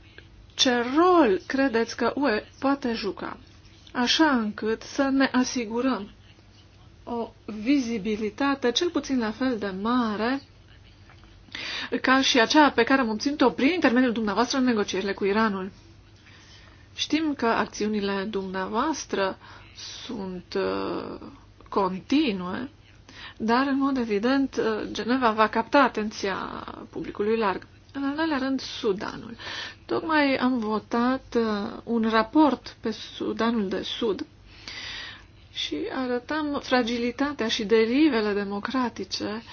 ce rol credeți că UE poate juca, așa încât să ne asigurăm o vizibilitate cel puțin la fel de mare ca și aceea pe care am obținut-o prin intermediul dumneavoastră în negocierile cu Iranul. Știm că acțiunile dumneavoastră sunt uh, continue, dar, în mod evident, uh, Geneva va capta atenția publicului larg. În al doilea rând, Sudanul. Tocmai am votat uh, un raport pe Sudanul de Sud și arătăm fragilitatea și derivele democratice uh,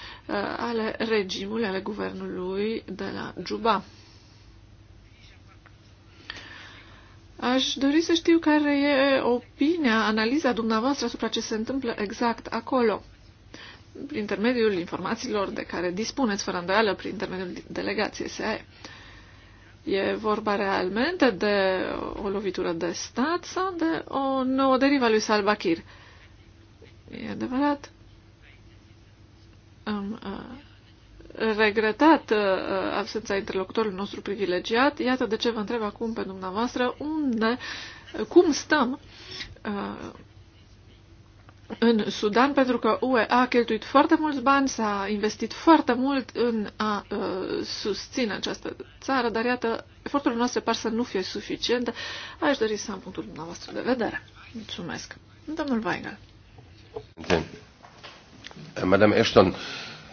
ale regimului, ale guvernului de la Juba. Aș dori să știu care e opinia, analiza dumneavoastră asupra ce se întâmplă exact acolo, prin intermediul informațiilor de care dispuneți, fără îndoială, prin intermediul delegației SAE. E vorba realmente de o lovitură de stat sau de o nouă derivă lui Salbachir? E adevărat. Am uh, regretat uh, uh, absența interlocutorului nostru privilegiat. Iată de ce vă întreb acum pe dumneavoastră unde, cum stăm uh, în Sudan, pentru că UE a cheltuit foarte mulți bani, s-a investit foarte mult în a uh, susține această țară, dar iată, eforturile noastre par să nu fie suficiente. Aș dori să am punctul dumneavoastră de vedere. Mulțumesc. Domnul Weigel. Eh, Madame Ashton,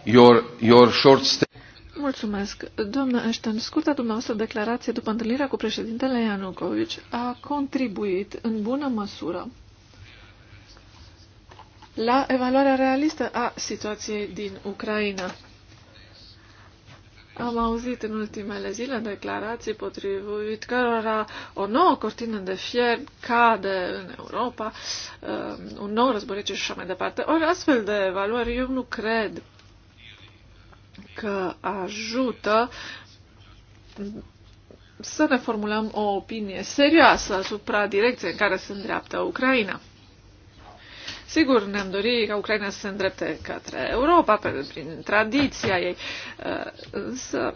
your, your short stay... Mulțumesc. Doamna Ashton, scurta dumneavoastră declarație după întâlnirea cu președintele Ianukovici a contribuit în bună măsură la evaluarea realistă a situației din Ucraina. Am auzit în ultimele zile declarații potrivit cărora o nouă cortină de fier cade în Europa, um, un nou război și așa mai departe. Ori astfel de evaluări eu nu cred că ajută să ne formulăm o opinie serioasă asupra direcției în care se îndreaptă Ucraina. Sigur, ne-am dorit ca Ucraina să se îndrepte către Europa prin tradiția ei, uh, însă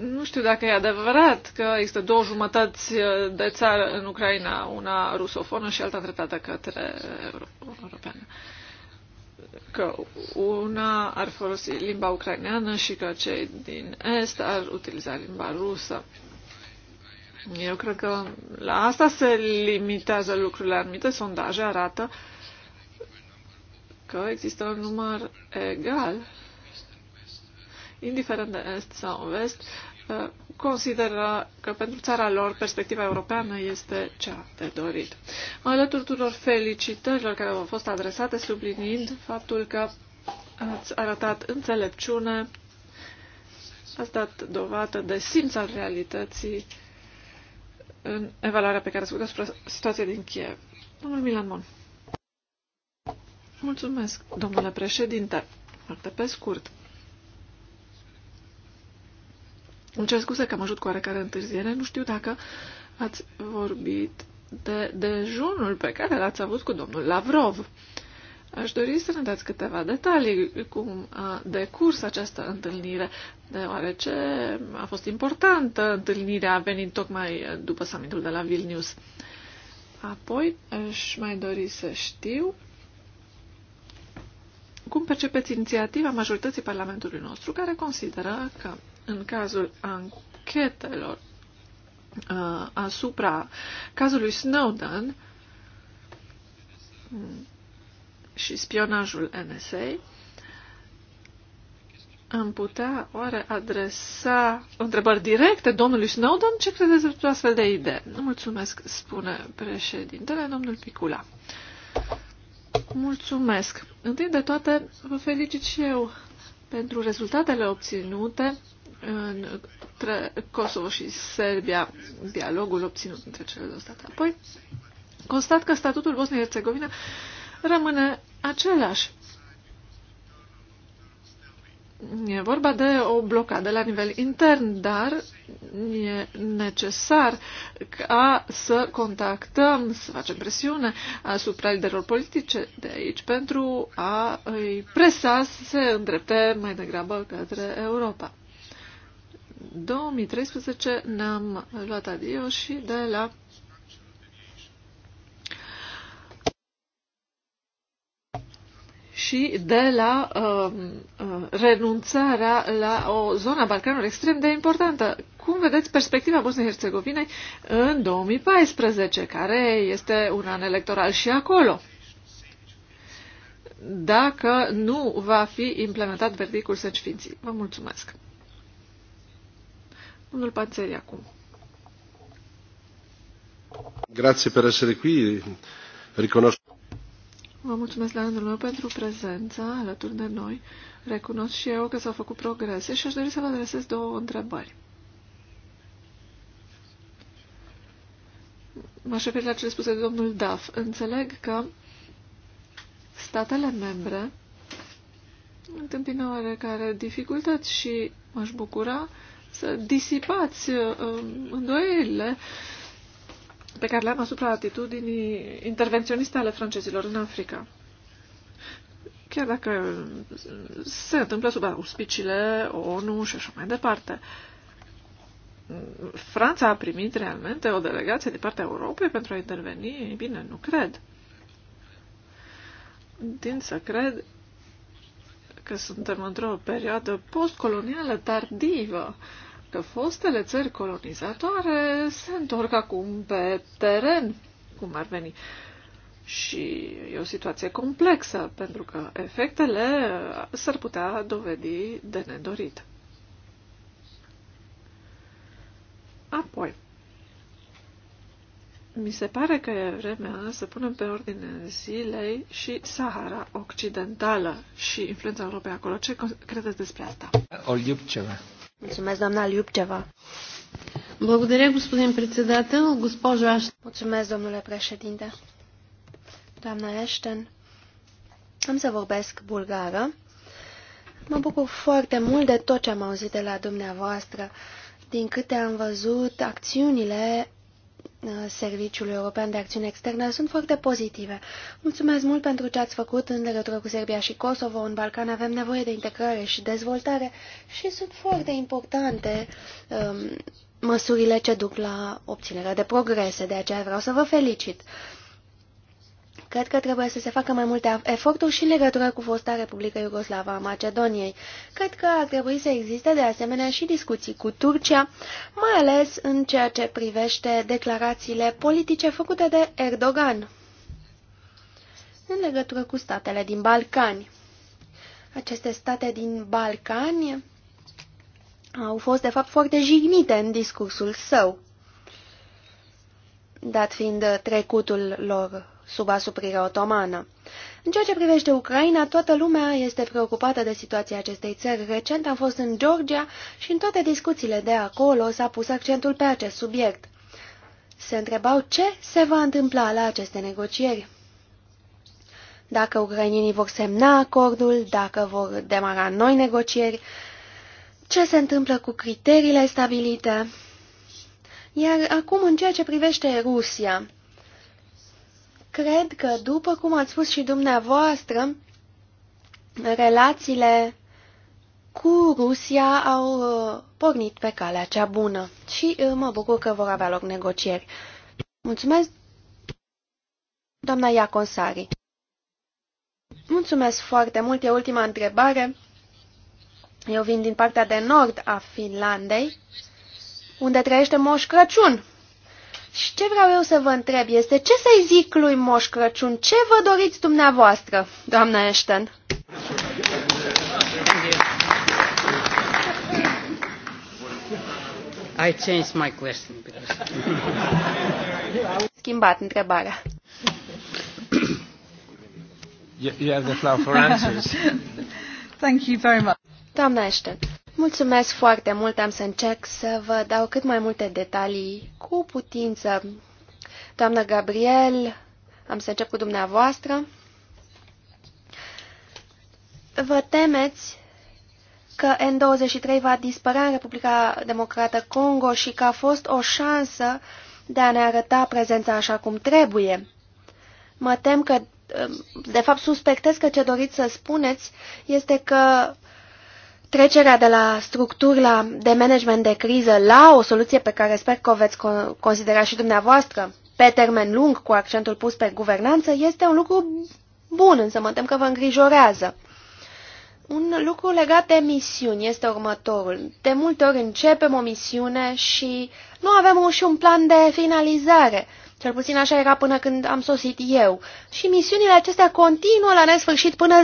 nu știu dacă e adevărat că există două jumătăți de țară în Ucraina, una rusofonă și alta îndreptată către europeană. Că una ar folosi limba ucraineană și că cei din Est ar utiliza limba rusă. Eu cred că la asta se limitează lucrurile. Anumite sondaje arată că există un număr egal, indiferent de est sau vest, consideră că pentru țara lor perspectiva europeană este cea de dorit. Mă alătur tuturor felicitărilor care au fost adresate, subliniind faptul că ați arătat înțelepciune, ați dat dovadă de simț al realității în evaluarea pe care a făcut-o asupra situației din Kiev. Domnul Milan Mon. Mulțumesc, domnule președinte. Foarte pe scurt. Îmi cer scuze că am ajut cu oarecare întârziere. Nu știu dacă ați vorbit de dejunul pe care l-ați avut cu domnul Lavrov. Uh, Aș dori să ne dați câteva detalii cum a decurs această întâlnire, deoarece a fost importantă întâlnirea, venind venit tocmai după summitul de la Vilnius. Apoi aș mai dori să știu cum percepeți inițiativa majorității Parlamentului nostru, care consideră că în cazul anchetelor uh, asupra cazului Snowden, și spionajul NSA, am putea oare adresa întrebări directe domnului Snowden? Ce credeți despre astfel de idee? Mulțumesc, spune președintele, domnul Picula. Mulțumesc. Întâi de toate, vă felicit și eu pentru rezultatele obținute între Kosovo și Serbia, dialogul obținut între cele două state. Apoi, constat că statutul Bosniei-Herzegovina rămâne același. E vorba de o blocadă la nivel intern, dar e necesar ca să contactăm, să facem presiune asupra liderilor politice de aici pentru a îi presa să se îndrepte mai degrabă către Europa. 2013 ne-am luat adio și de la și de la um, uh, renunțarea la o zonă a Balcanului extrem de importantă. Cum vedeți perspectiva Bosniei-Herzegovinei în 2014, care este un an electoral și acolo? Dacă nu va fi implementat verdictul Sfinții. Vă mulțumesc. Domnul Panțeri acum. Grazie per essere qui. Riconosco Vă mulțumesc la rândul meu pentru prezența alături de noi. Recunosc și eu că s-au făcut progrese și aș dori să vă adresez două întrebări. M-aș referi la cele spuse de domnul Duff. Înțeleg că statele membre întâmpină oarecare dificultăți și m-aș bucura să disipați uh, îndoielile uh, pe care le-am asupra atitudinii intervenționiste ale francezilor în Africa. Chiar dacă se întâmplă sub auspiciile ONU și așa mai departe. Franța a primit realmente o delegație din partea Europei pentru a interveni? Ei bine, nu cred. Din să cred că suntem într-o perioadă postcolonială tardivă. Uh, că fostele țări colonizatoare se întorc acum pe teren, cum ar veni. Și e o situație complexă, pentru că efectele s-ar putea dovedi de nedorit. Apoi, mi se pare că e vremea să punem pe ordine zilei și Sahara Occidentală și influența europeană acolo. Ce credeți despre asta? O ceva. Mulțumesc, doamna Liupceva. Благодаря, господин председател. Госпожо Аштен. Mulțumesc, domnule președinte. Doamna Ashton, am să vorbesc bulgară. Mă bucur foarte mult de tot ce am auzit de la dumneavoastră. Din câte am văzut, acțiunile Uh, Serviciului European de Acțiune Externă sunt foarte pozitive. Mulțumesc mult pentru ce ați făcut în legătură cu Serbia și Kosovo. În Balcan avem nevoie de integrare și dezvoltare și sunt foarte importante um, măsurile ce duc la obținerea de progrese. De aceea vreau să vă felicit. Cred că trebuie să se facă mai multe eforturi și în legătură cu fosta Republică Iugoslava a Macedoniei. Cred că ar trebui să existe de asemenea și discuții cu Turcia, mai ales în ceea ce privește declarațiile politice făcute de Erdogan în legătură cu statele din Balcani. Aceste state din Balcani au fost, de fapt, foarte jignite în discursul său, dat fiind trecutul lor sub asuprire otomană. În ceea ce privește Ucraina, toată lumea este preocupată de situația acestei țări. Recent am fost în Georgia și în toate discuțiile de acolo s-a pus accentul pe acest subiect. Se întrebau ce se va întâmpla la aceste negocieri. Dacă ucrainienii vor semna acordul, dacă vor demara noi negocieri, ce se întâmplă cu criteriile stabilite. Iar acum, în ceea ce privește Rusia, Cred că, după cum ați spus și dumneavoastră, relațiile cu Rusia au uh, pornit pe calea cea bună și uh, mă bucur că vor avea loc negocieri. Mulțumesc, doamna Iaconsari. Mulțumesc foarte mult, e ultima întrebare. Eu vin din partea de nord a Finlandei, unde trăiește Moș Crăciun. Și ce vreau eu să vă întreb este, ce să-i zic lui Moș Crăciun? Ce vă doriți dumneavoastră, doamna Ashton? I changed my question. Schimbat întrebarea. You have the floor for answers. Thank you very much. Doamna Ashton, Mulțumesc foarte mult, am să încerc să vă dau cât mai multe detalii cu putință. Doamnă Gabriel, am să încep cu dumneavoastră. Vă temeți că N23 va dispărea în Republica Democrată Congo și că a fost o șansă de a ne arăta prezența așa cum trebuie. Mă tem că, de fapt, suspectez că ce doriți să spuneți este că trecerea de la structuri la, de management de criză la o soluție pe care sper că o veți considera și dumneavoastră pe termen lung, cu accentul pus pe guvernanță, este un lucru bun, însă mă tem că vă îngrijorează. Un lucru legat de misiuni este următorul. De multe ori începem o misiune și nu avem și un plan de finalizare. Cel puțin așa era până când am sosit eu. Și misiunile acestea continuă la nesfârșit până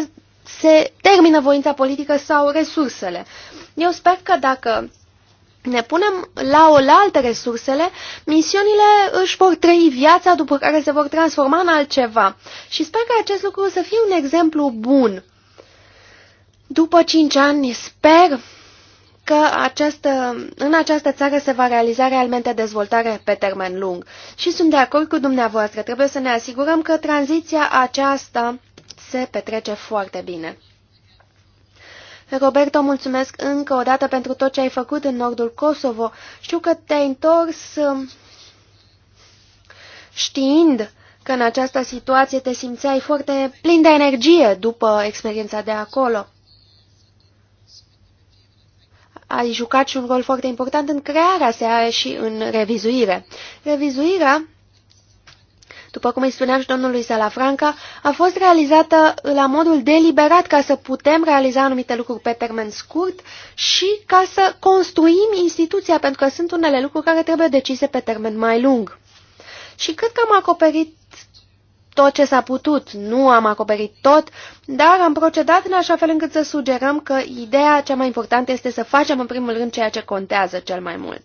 se termină voința politică sau resursele. Eu sper că dacă ne punem la oaltă resursele, misiunile își vor trăi viața după care se vor transforma în altceva. Și sper că acest lucru să fie un exemplu bun. După cinci ani sper că această, în această țară se va realiza realmente dezvoltare pe termen lung. Și sunt de acord cu dumneavoastră, trebuie să ne asigurăm că tranziția aceasta se petrece foarte bine. Roberto, mulțumesc încă o dată pentru tot ce ai făcut în nordul Kosovo. Știu că te-ai întors um, știind că în această situație te simțeai foarte plin de energie după experiența de acolo. Ai jucat și un rol foarte important în crearea sa și în revizuire. Revizuirea după cum îi spuneam și domnului Salafranca, a fost realizată la modul deliberat ca să putem realiza anumite lucruri pe termen scurt și ca să construim instituția, pentru că sunt unele lucruri care trebuie decise pe termen mai lung. Și cred că am acoperit tot ce s-a putut, nu am acoperit tot, dar am procedat în așa fel încât să sugerăm că ideea cea mai importantă este să facem în primul rând ceea ce contează cel mai mult.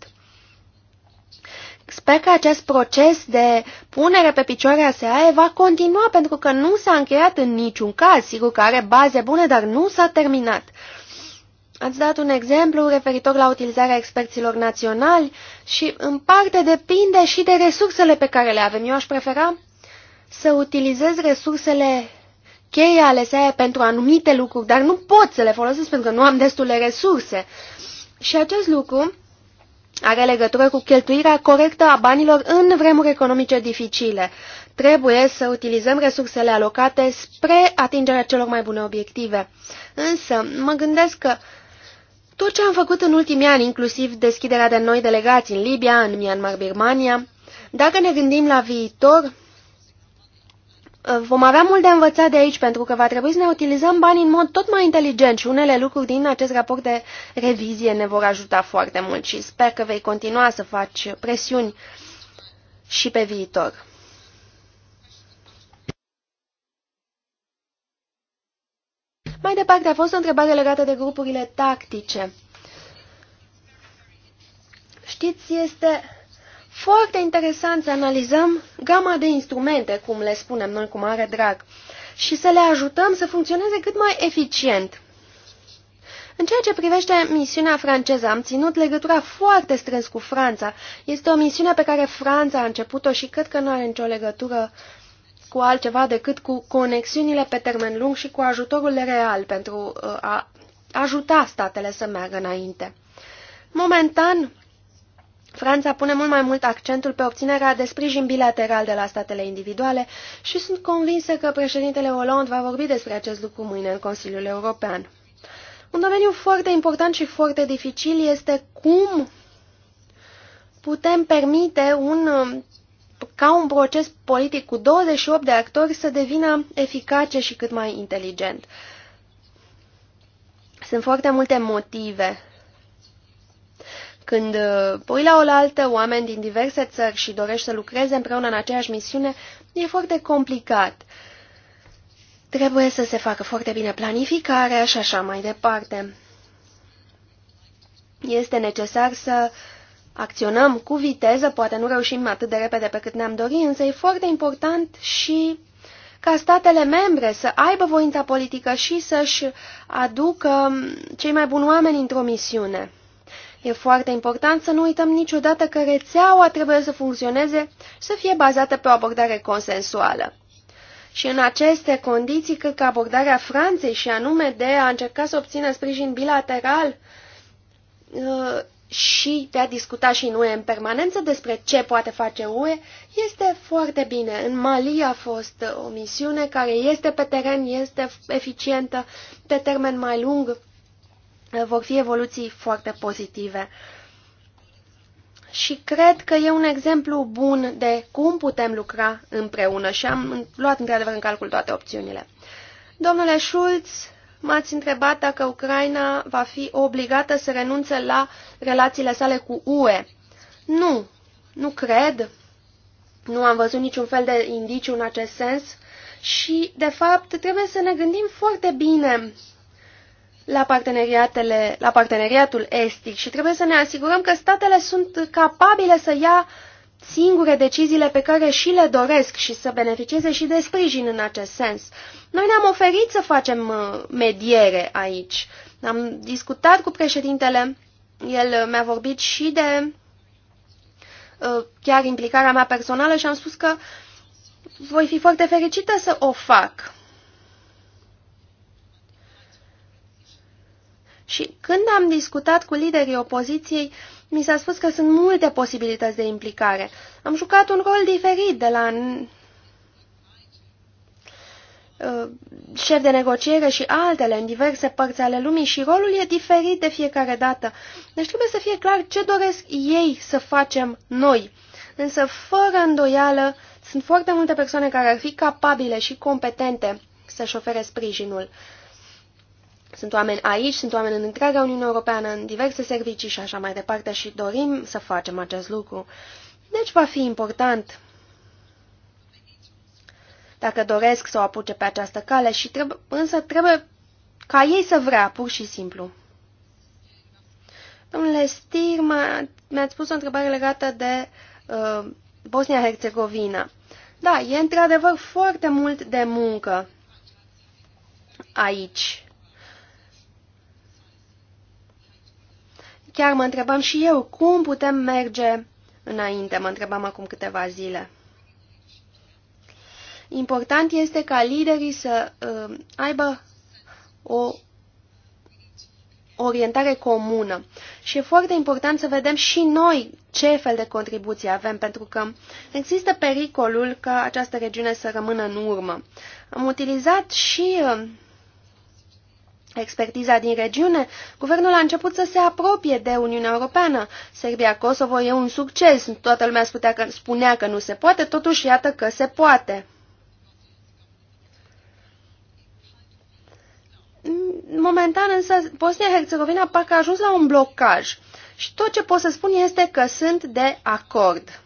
Sper că acest proces de punere pe picioare a SAE va continua pentru că nu s-a încheiat în niciun caz. Sigur că are baze bune, dar nu s-a terminat. Ați dat un exemplu referitor la utilizarea experților naționali și în parte depinde și de resursele pe care le avem. Eu aș prefera să utilizez resursele cheie ale SAE pentru anumite lucruri, dar nu pot să le folosesc pentru că nu am destule resurse. Și acest lucru are legătură cu cheltuirea corectă a banilor în vremuri economice dificile. Trebuie să utilizăm resursele alocate spre atingerea celor mai bune obiective. Însă, mă gândesc că tot ce am făcut în ultimii ani, inclusiv deschiderea de noi delegații în Libia, în Myanmar, Birmania, dacă ne gândim la viitor, Eh, vom avea mult de învățat de aici, pentru că va trebui să ne utilizăm banii în mod tot mai inteligent și unele lucruri din acest raport de revizie ne vor ajuta foarte mult și sper că vei continua să faci presiuni și pe viitor. Mai departe a fost o întrebare legată de grupurile tactice. Știți, este foarte interesant să analizăm gama de instrumente, cum le spunem noi cu mare drag, și să le ajutăm să funcționeze cât mai eficient. În ceea ce privește misiunea franceză, am ținut legătura foarte strâns cu Franța. Este o misiune pe care Franța a început-o și cred că nu are nicio legătură cu altceva decât cu conexiunile pe termen lung și cu ajutorul real pentru uh, a ajuta statele să meargă înainte. Momentan, Franța pune mult mai mult accentul pe obținerea de sprijin bilateral de la statele individuale și sunt convinsă că președintele Hollande va vorbi despre acest lucru mâine în Consiliul European. Un domeniu foarte important și foarte dificil este cum putem permite un, ca un proces politic cu 28 de actori să devină eficace și cât mai inteligent. Sunt foarte multe motive când uh, pui la oaltă oameni din diverse țări și dorești să lucreze împreună în aceeași misiune, e foarte complicat. Trebuie să se facă foarte bine planificarea și așa mai departe. Este necesar să acționăm cu viteză, poate nu reușim atât de repede pe cât ne-am dorit, însă e foarte important și ca statele membre să aibă voința politică și să-și aducă cei mai buni oameni într-o misiune. E foarte important să nu uităm niciodată că rețeaua trebuie să funcționeze și să fie bazată pe o abordare consensuală. Și în aceste condiții, cred că abordarea Franței și anume de a încerca să obțină sprijin bilateral uh, și de a discuta și în UE în permanență despre ce poate face UE, este foarte bine. În Mali a fost uh, o misiune care este pe teren, este eficientă, pe termen mai lung vor fi evoluții foarte pozitive. Și cred că e un exemplu bun de cum putem lucra împreună și am luat într-adevăr în calcul toate opțiunile. Domnule Schulz, m-ați întrebat dacă Ucraina va fi obligată să renunțe la relațiile sale cu UE. Nu, nu cred. Nu am văzut niciun fel de indiciu în acest sens și, de fapt, trebuie să ne gândim foarte bine la, parteneriatele, la parteneriatul estic și trebuie să ne asigurăm că statele sunt capabile să ia singure deciziile pe care și le doresc și să beneficieze și de sprijin în acest sens. Noi ne-am oferit să facem uh, mediere aici. Am discutat cu președintele, el uh, mi-a vorbit și de uh, chiar implicarea mea personală și am spus că voi fi foarte fericită să o fac. Și când am discutat cu liderii opoziției, mi s-a spus că sunt multe posibilități de implicare. Am jucat un rol diferit de la uh, șef de negociere și altele în diverse părți ale lumii și rolul e diferit de fiecare dată. Deci trebuie să fie clar ce doresc ei să facem noi. Însă, fără îndoială, sunt foarte multe persoane care ar fi capabile și competente să-și ofere sprijinul. Sunt oameni aici, sunt oameni în întreaga Uniune Europeană, în diverse servicii și așa mai departe și dorim să facem acest lucru. Deci va fi important dacă doresc să o apuce pe această cale, și trebuie, însă trebuie ca ei să vrea, pur și simplu. Domnule Stir, mi-ați pus o întrebare legată de uh, Bosnia-Herzegovina. Da, e într-adevăr foarte mult de muncă aici. Chiar mă întrebam și eu cum putem merge înainte, mă întrebam acum câteva zile. Important este ca liderii să uh, aibă o orientare comună. Și e foarte important să vedem și noi ce fel de contribuție avem, pentru că există pericolul ca această regiune să rămână în urmă. Am utilizat și uh, expertiza din regiune, guvernul a început să se apropie de Uniunea Europeană. Serbia-Kosovo e un succes, toată lumea spunea că, spunea că nu se poate, totuși iată că se poate. Momentan însă Bosnia-Herzegovina parcă a ajuns la un blocaj și tot ce pot să spun este că sunt de acord.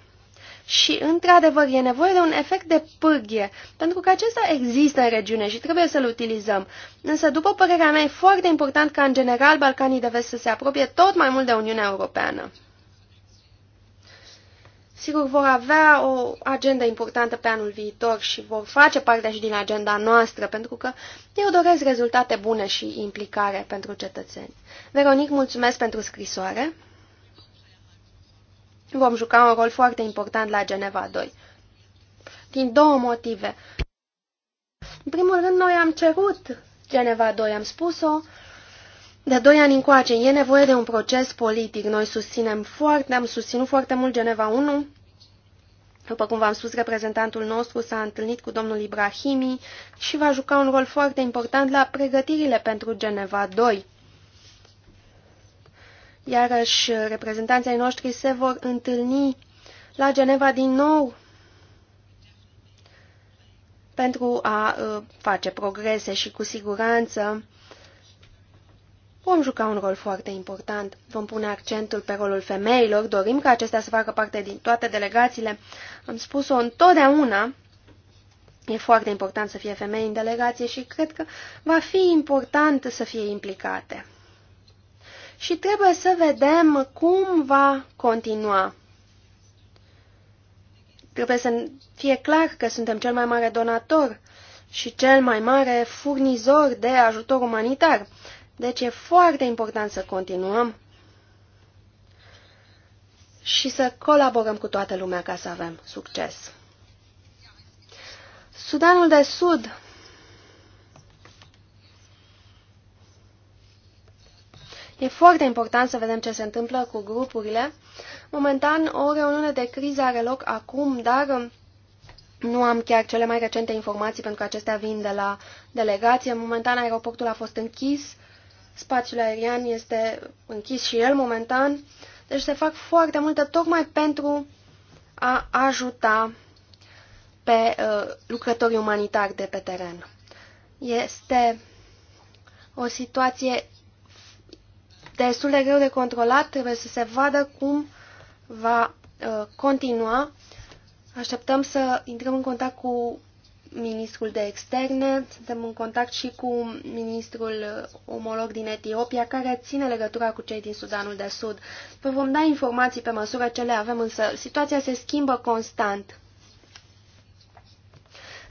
Și, într-adevăr, e nevoie de un efect de pârghie, pentru că acesta există în regiune și trebuie să-l utilizăm. Însă, după părerea mea, e foarte important ca, în general, Balcanii de Vest să se apropie tot mai mult de Uniunea Europeană. Sigur, vor avea o agendă importantă pe anul viitor și vor face parte și din agenda noastră, pentru că eu doresc rezultate bune și implicare pentru cetățeni. Veronic, mulțumesc pentru scrisoare vom juca un rol foarte important la Geneva 2. Din două motive. În primul rând, noi am cerut Geneva 2, am spus-o, de doi ani încoace e nevoie de un proces politic. Noi susținem foarte, am susținut foarte mult Geneva 1. După cum v-am spus, reprezentantul nostru s-a întâlnit cu domnul Ibrahimi și va juca un rol foarte important la pregătirile pentru Geneva 2. Iarăși, reprezentanții noștri se vor întâlni la Geneva din nou pentru a uh, face progrese și cu siguranță vom juca un rol foarte important. Vom pune accentul pe rolul femeilor, dorim ca acestea să facă parte din toate delegațiile. Am spus-o întotdeauna, e foarte important să fie femei în delegație și cred că va fi important să fie implicate și trebuie să vedem cum va continua. Trebuie să fie clar că suntem cel mai mare donator și cel mai mare furnizor de ajutor umanitar. Deci e foarte important să continuăm și să colaborăm cu toată lumea ca să avem succes. Sudanul de Sud E foarte important să vedem ce se întâmplă cu grupurile. Momentan, o reuniune de criză are loc acum, dar um, nu am chiar cele mai recente informații, pentru că acestea vin de la delegație. Momentan, aeroportul a fost închis, spațiul aerian este închis și el momentan. Deci se fac foarte multe tocmai pentru a ajuta pe uh, lucrătorii umanitari de pe teren. Este o situație destul de greu de controlat, trebuie să se vadă cum va uh, continua. Așteptăm să intrăm în contact cu ministrul de externe, suntem în contact și cu ministrul uh, omolog din Etiopia, care ține legătura cu cei din Sudanul de Sud. Vă vom da informații pe măsură ce le avem, însă situația se schimbă constant.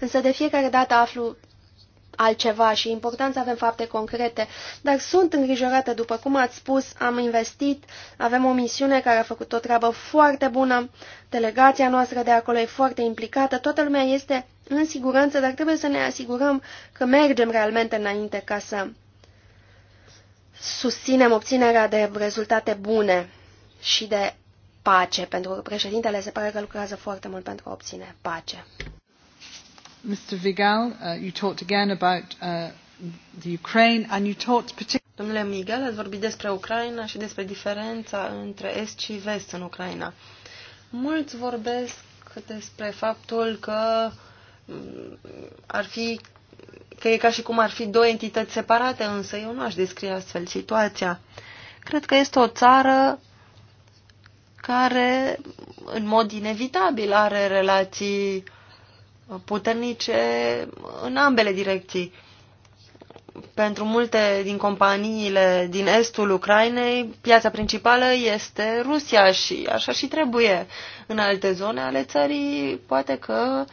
Însă de fiecare dată aflu altceva și important să avem fapte concrete, dar sunt îngrijorată, după cum ați spus, am investit, avem o misiune care a făcut o treabă foarte bună, delegația noastră de acolo e foarte implicată, toată lumea este în siguranță, dar trebuie să ne asigurăm că mergem realmente înainte ca să susținem obținerea de rezultate bune și de pace, pentru că președintele se pare că lucrează foarte mult pentru a obține pace. Mr. Vigal, uh, you talked again about uh, the Ukraine and you talked particularly Domnule Miguel, ați vorbit despre Ucraina și despre diferența între Est și Vest în Ucraina. Mulți vorbesc despre faptul că mm, ar fi că e ca și cum ar fi două entități separate, însă eu nu aș descrie astfel situația. Cred că este o țară care, în mod inevitabil, are relații uh, puternice în ambele direcții. Pentru multe din companiile din estul Ucrainei, piața principală este Rusia și așa și trebuie. În alte zone ale țării, poate că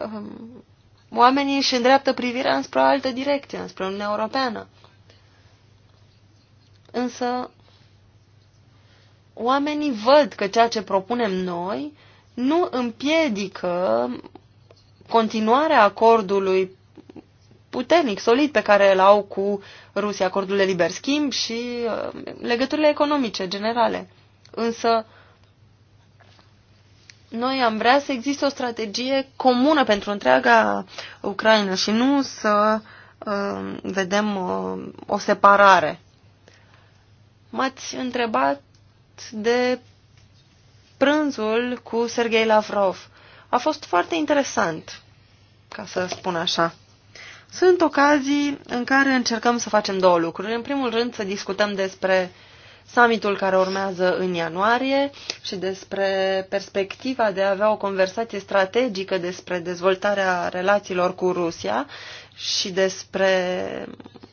um, oamenii își îndreaptă privirea înspre o altă direcție, înspre Uniunea Europeană. Însă, oamenii văd că ceea ce propunem noi nu împiedică continuarea acordului puternic, solid pe care îl au cu Rusia, acordul de liber schimb și uh, legăturile economice generale. Însă, noi am vrea să existe o strategie comună pentru întreaga Ucraina și nu să uh, vedem uh, o separare. M-ați întrebat de prânzul cu Sergei Lavrov. A fost foarte interesant, ca să spun așa. Sunt ocazii în care încercăm să facem două lucruri. În primul rând să discutăm despre summitul care urmează în ianuarie și despre perspectiva de a avea o conversație strategică despre dezvoltarea relațiilor cu Rusia și despre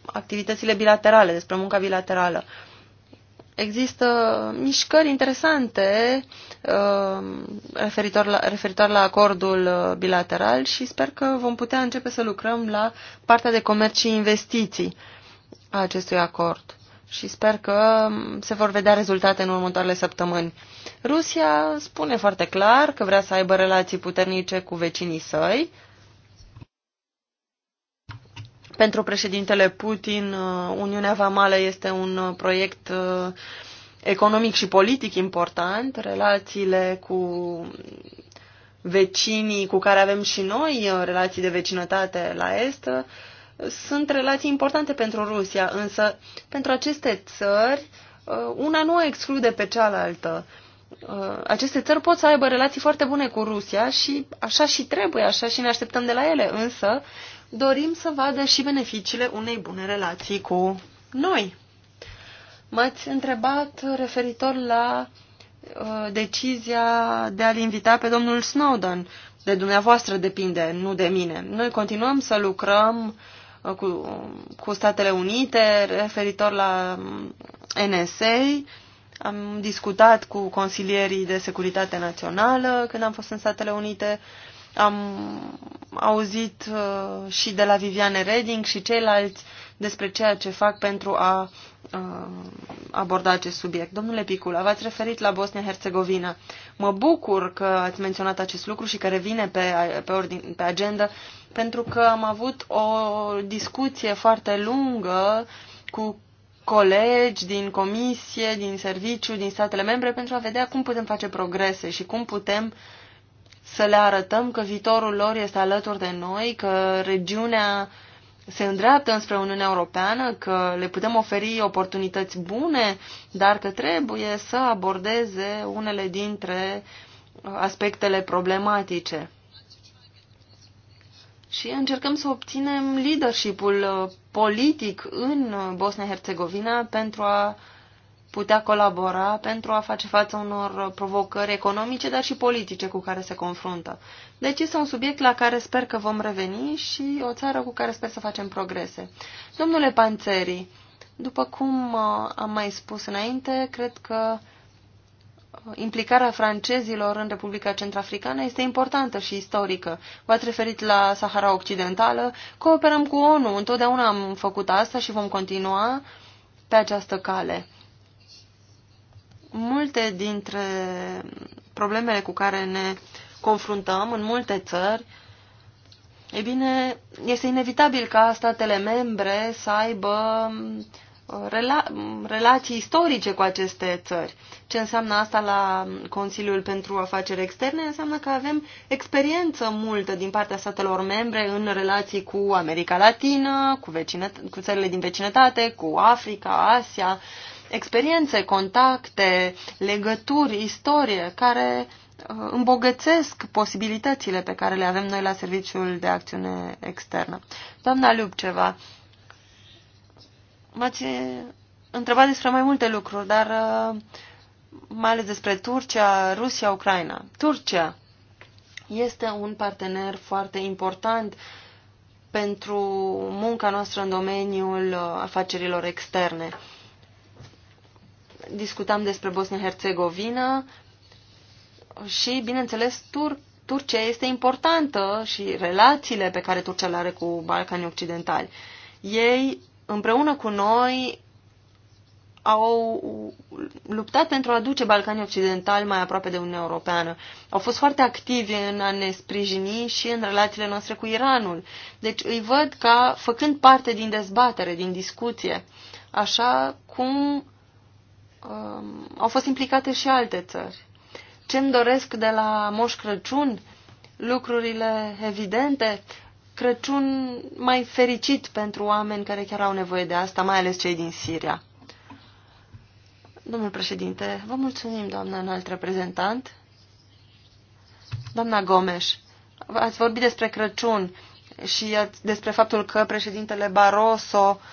activitățile bilaterale, despre munca bilaterală. Există mișcări interesante uh, Um, referitor la, referitor la acordul uh, bilateral și sper că vom putea începe să lucrăm la partea de comerț și investiții a acestui acord. Și sper că um, se vor vedea rezultate în următoarele săptămâni. Rusia spune foarte clar că vrea să aibă relații puternice cu vecinii săi. Pentru președintele Putin, uh, Uniunea Vamală este un uh, proiect uh, economic și politic important, relațiile cu vecinii cu care avem și noi relații de vecinătate la Est, sunt relații importante pentru Rusia, însă pentru aceste țări, uh, una nu exclude pe cealaltă. Uh, aceste țări pot să aibă relații foarte bune cu Rusia și așa și trebuie, așa și ne așteptăm de la ele, însă dorim să vadă și beneficiile unei bune relații cu noi. M-ați întrebat referitor la uh, decizia de a-l invita pe domnul Snowden. De dumneavoastră depinde, nu de mine. Noi continuăm să lucrăm uh, cu, cu Statele Unite referitor la um, NSA. Am discutat cu consilierii de securitate națională când am fost în Statele Unite. Am auzit uh, și de la Viviane Reding și ceilalți despre ceea ce fac pentru a Uh, aborda acest subiect. Domnule Picula, v-ați referit la Bosnia-Herzegovina. Mă bucur că ați menționat acest lucru și că revine pe, pe, ordin, pe agenda, pentru că am avut o discuție foarte lungă cu colegi din comisie, din serviciu, din statele membre, pentru a vedea cum putem face progrese și cum putem să le arătăm că viitorul lor este alături de noi, că regiunea uh, se îndreaptă înspre Uniunea Europeană, că le putem oferi oportunități bune, dar că trebuie să abordeze unele dintre uh, aspectele problematice. Și încercăm să obținem leadership uh, politic în uh, Bosnia-Herzegovina pentru a putea colabora pentru a face față unor provocări economice, dar și politice cu care se confruntă. Deci este un subiect la care sper că vom reveni și o țară cu care sper să facem progrese. Domnule Panțeri, după cum uh, am mai spus înainte, cred că uh, implicarea francezilor în Republica Centrafricană este importantă și istorică. V-ați referit la Sahara Occidentală, cooperăm cu ONU, întotdeauna am făcut asta și vom continua pe această cale multe dintre problemele cu care ne confruntăm în multe țări, e bine, este inevitabil ca statele membre să aibă uh, rela relații istorice cu aceste țări. Ce înseamnă asta la Consiliul pentru Afaceri Externe? Înseamnă că avem experiență multă din partea statelor membre în relații cu America Latină, cu, cu țările din vecinătate, cu Africa, Asia, uh, experiențe, contacte, legături, istorie care uh, îmbogățesc posibilitățile pe care le avem noi la Serviciul de Acțiune Externă. Doamna Lupceva, m-ați întrebat despre mai multe lucruri, dar uh, mai ales despre Turcia, Rusia, Ucraina. Turcia este un partener foarte important pentru munca noastră în domeniul uh, afacerilor externe discutam despre Bosnia-Herzegovina și, bineînțeles, Tur Turcia este importantă și relațiile pe care Turcia le are cu Balcanii Occidentali. Ei, împreună cu noi, au luptat pentru a aduce Balcanii Occidentali mai aproape de Uniunea Europeană. Au fost foarte activi în a ne sprijini și în relațiile noastre cu Iranul. Deci îi văd ca făcând parte din dezbatere, din discuție, așa cum um, au fost implicate și alte țări. Ce-mi doresc de la Moș Crăciun? Lucrurile evidente, Crăciun mai fericit pentru oameni care chiar au nevoie de asta, mai ales cei din Siria. Domnul președinte, vă mulțumim, doamna înalt reprezentant. Doamna Gomes, ați vorbit despre Crăciun și despre faptul că președintele Barroso uh,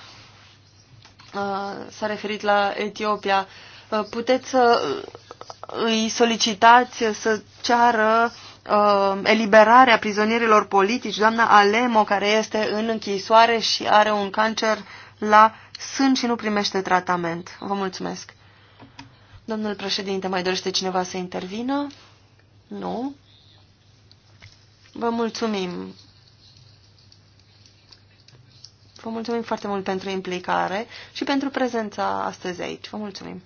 Uh, s-a referit la Etiopia. Uh, puteți să uh, îi solicitați să ceară eliberarea prizonierilor politici, doamna Alemo, care este în închisoare și are un cancer la sân și nu primește tratament. Vă mulțumesc. Domnul președinte, mai dorește cineva să intervină? Nu. Vă mulțumim Vă mulțumim foarte mult pentru implicare și pentru prezența astăzi aici. Vă mulțumim!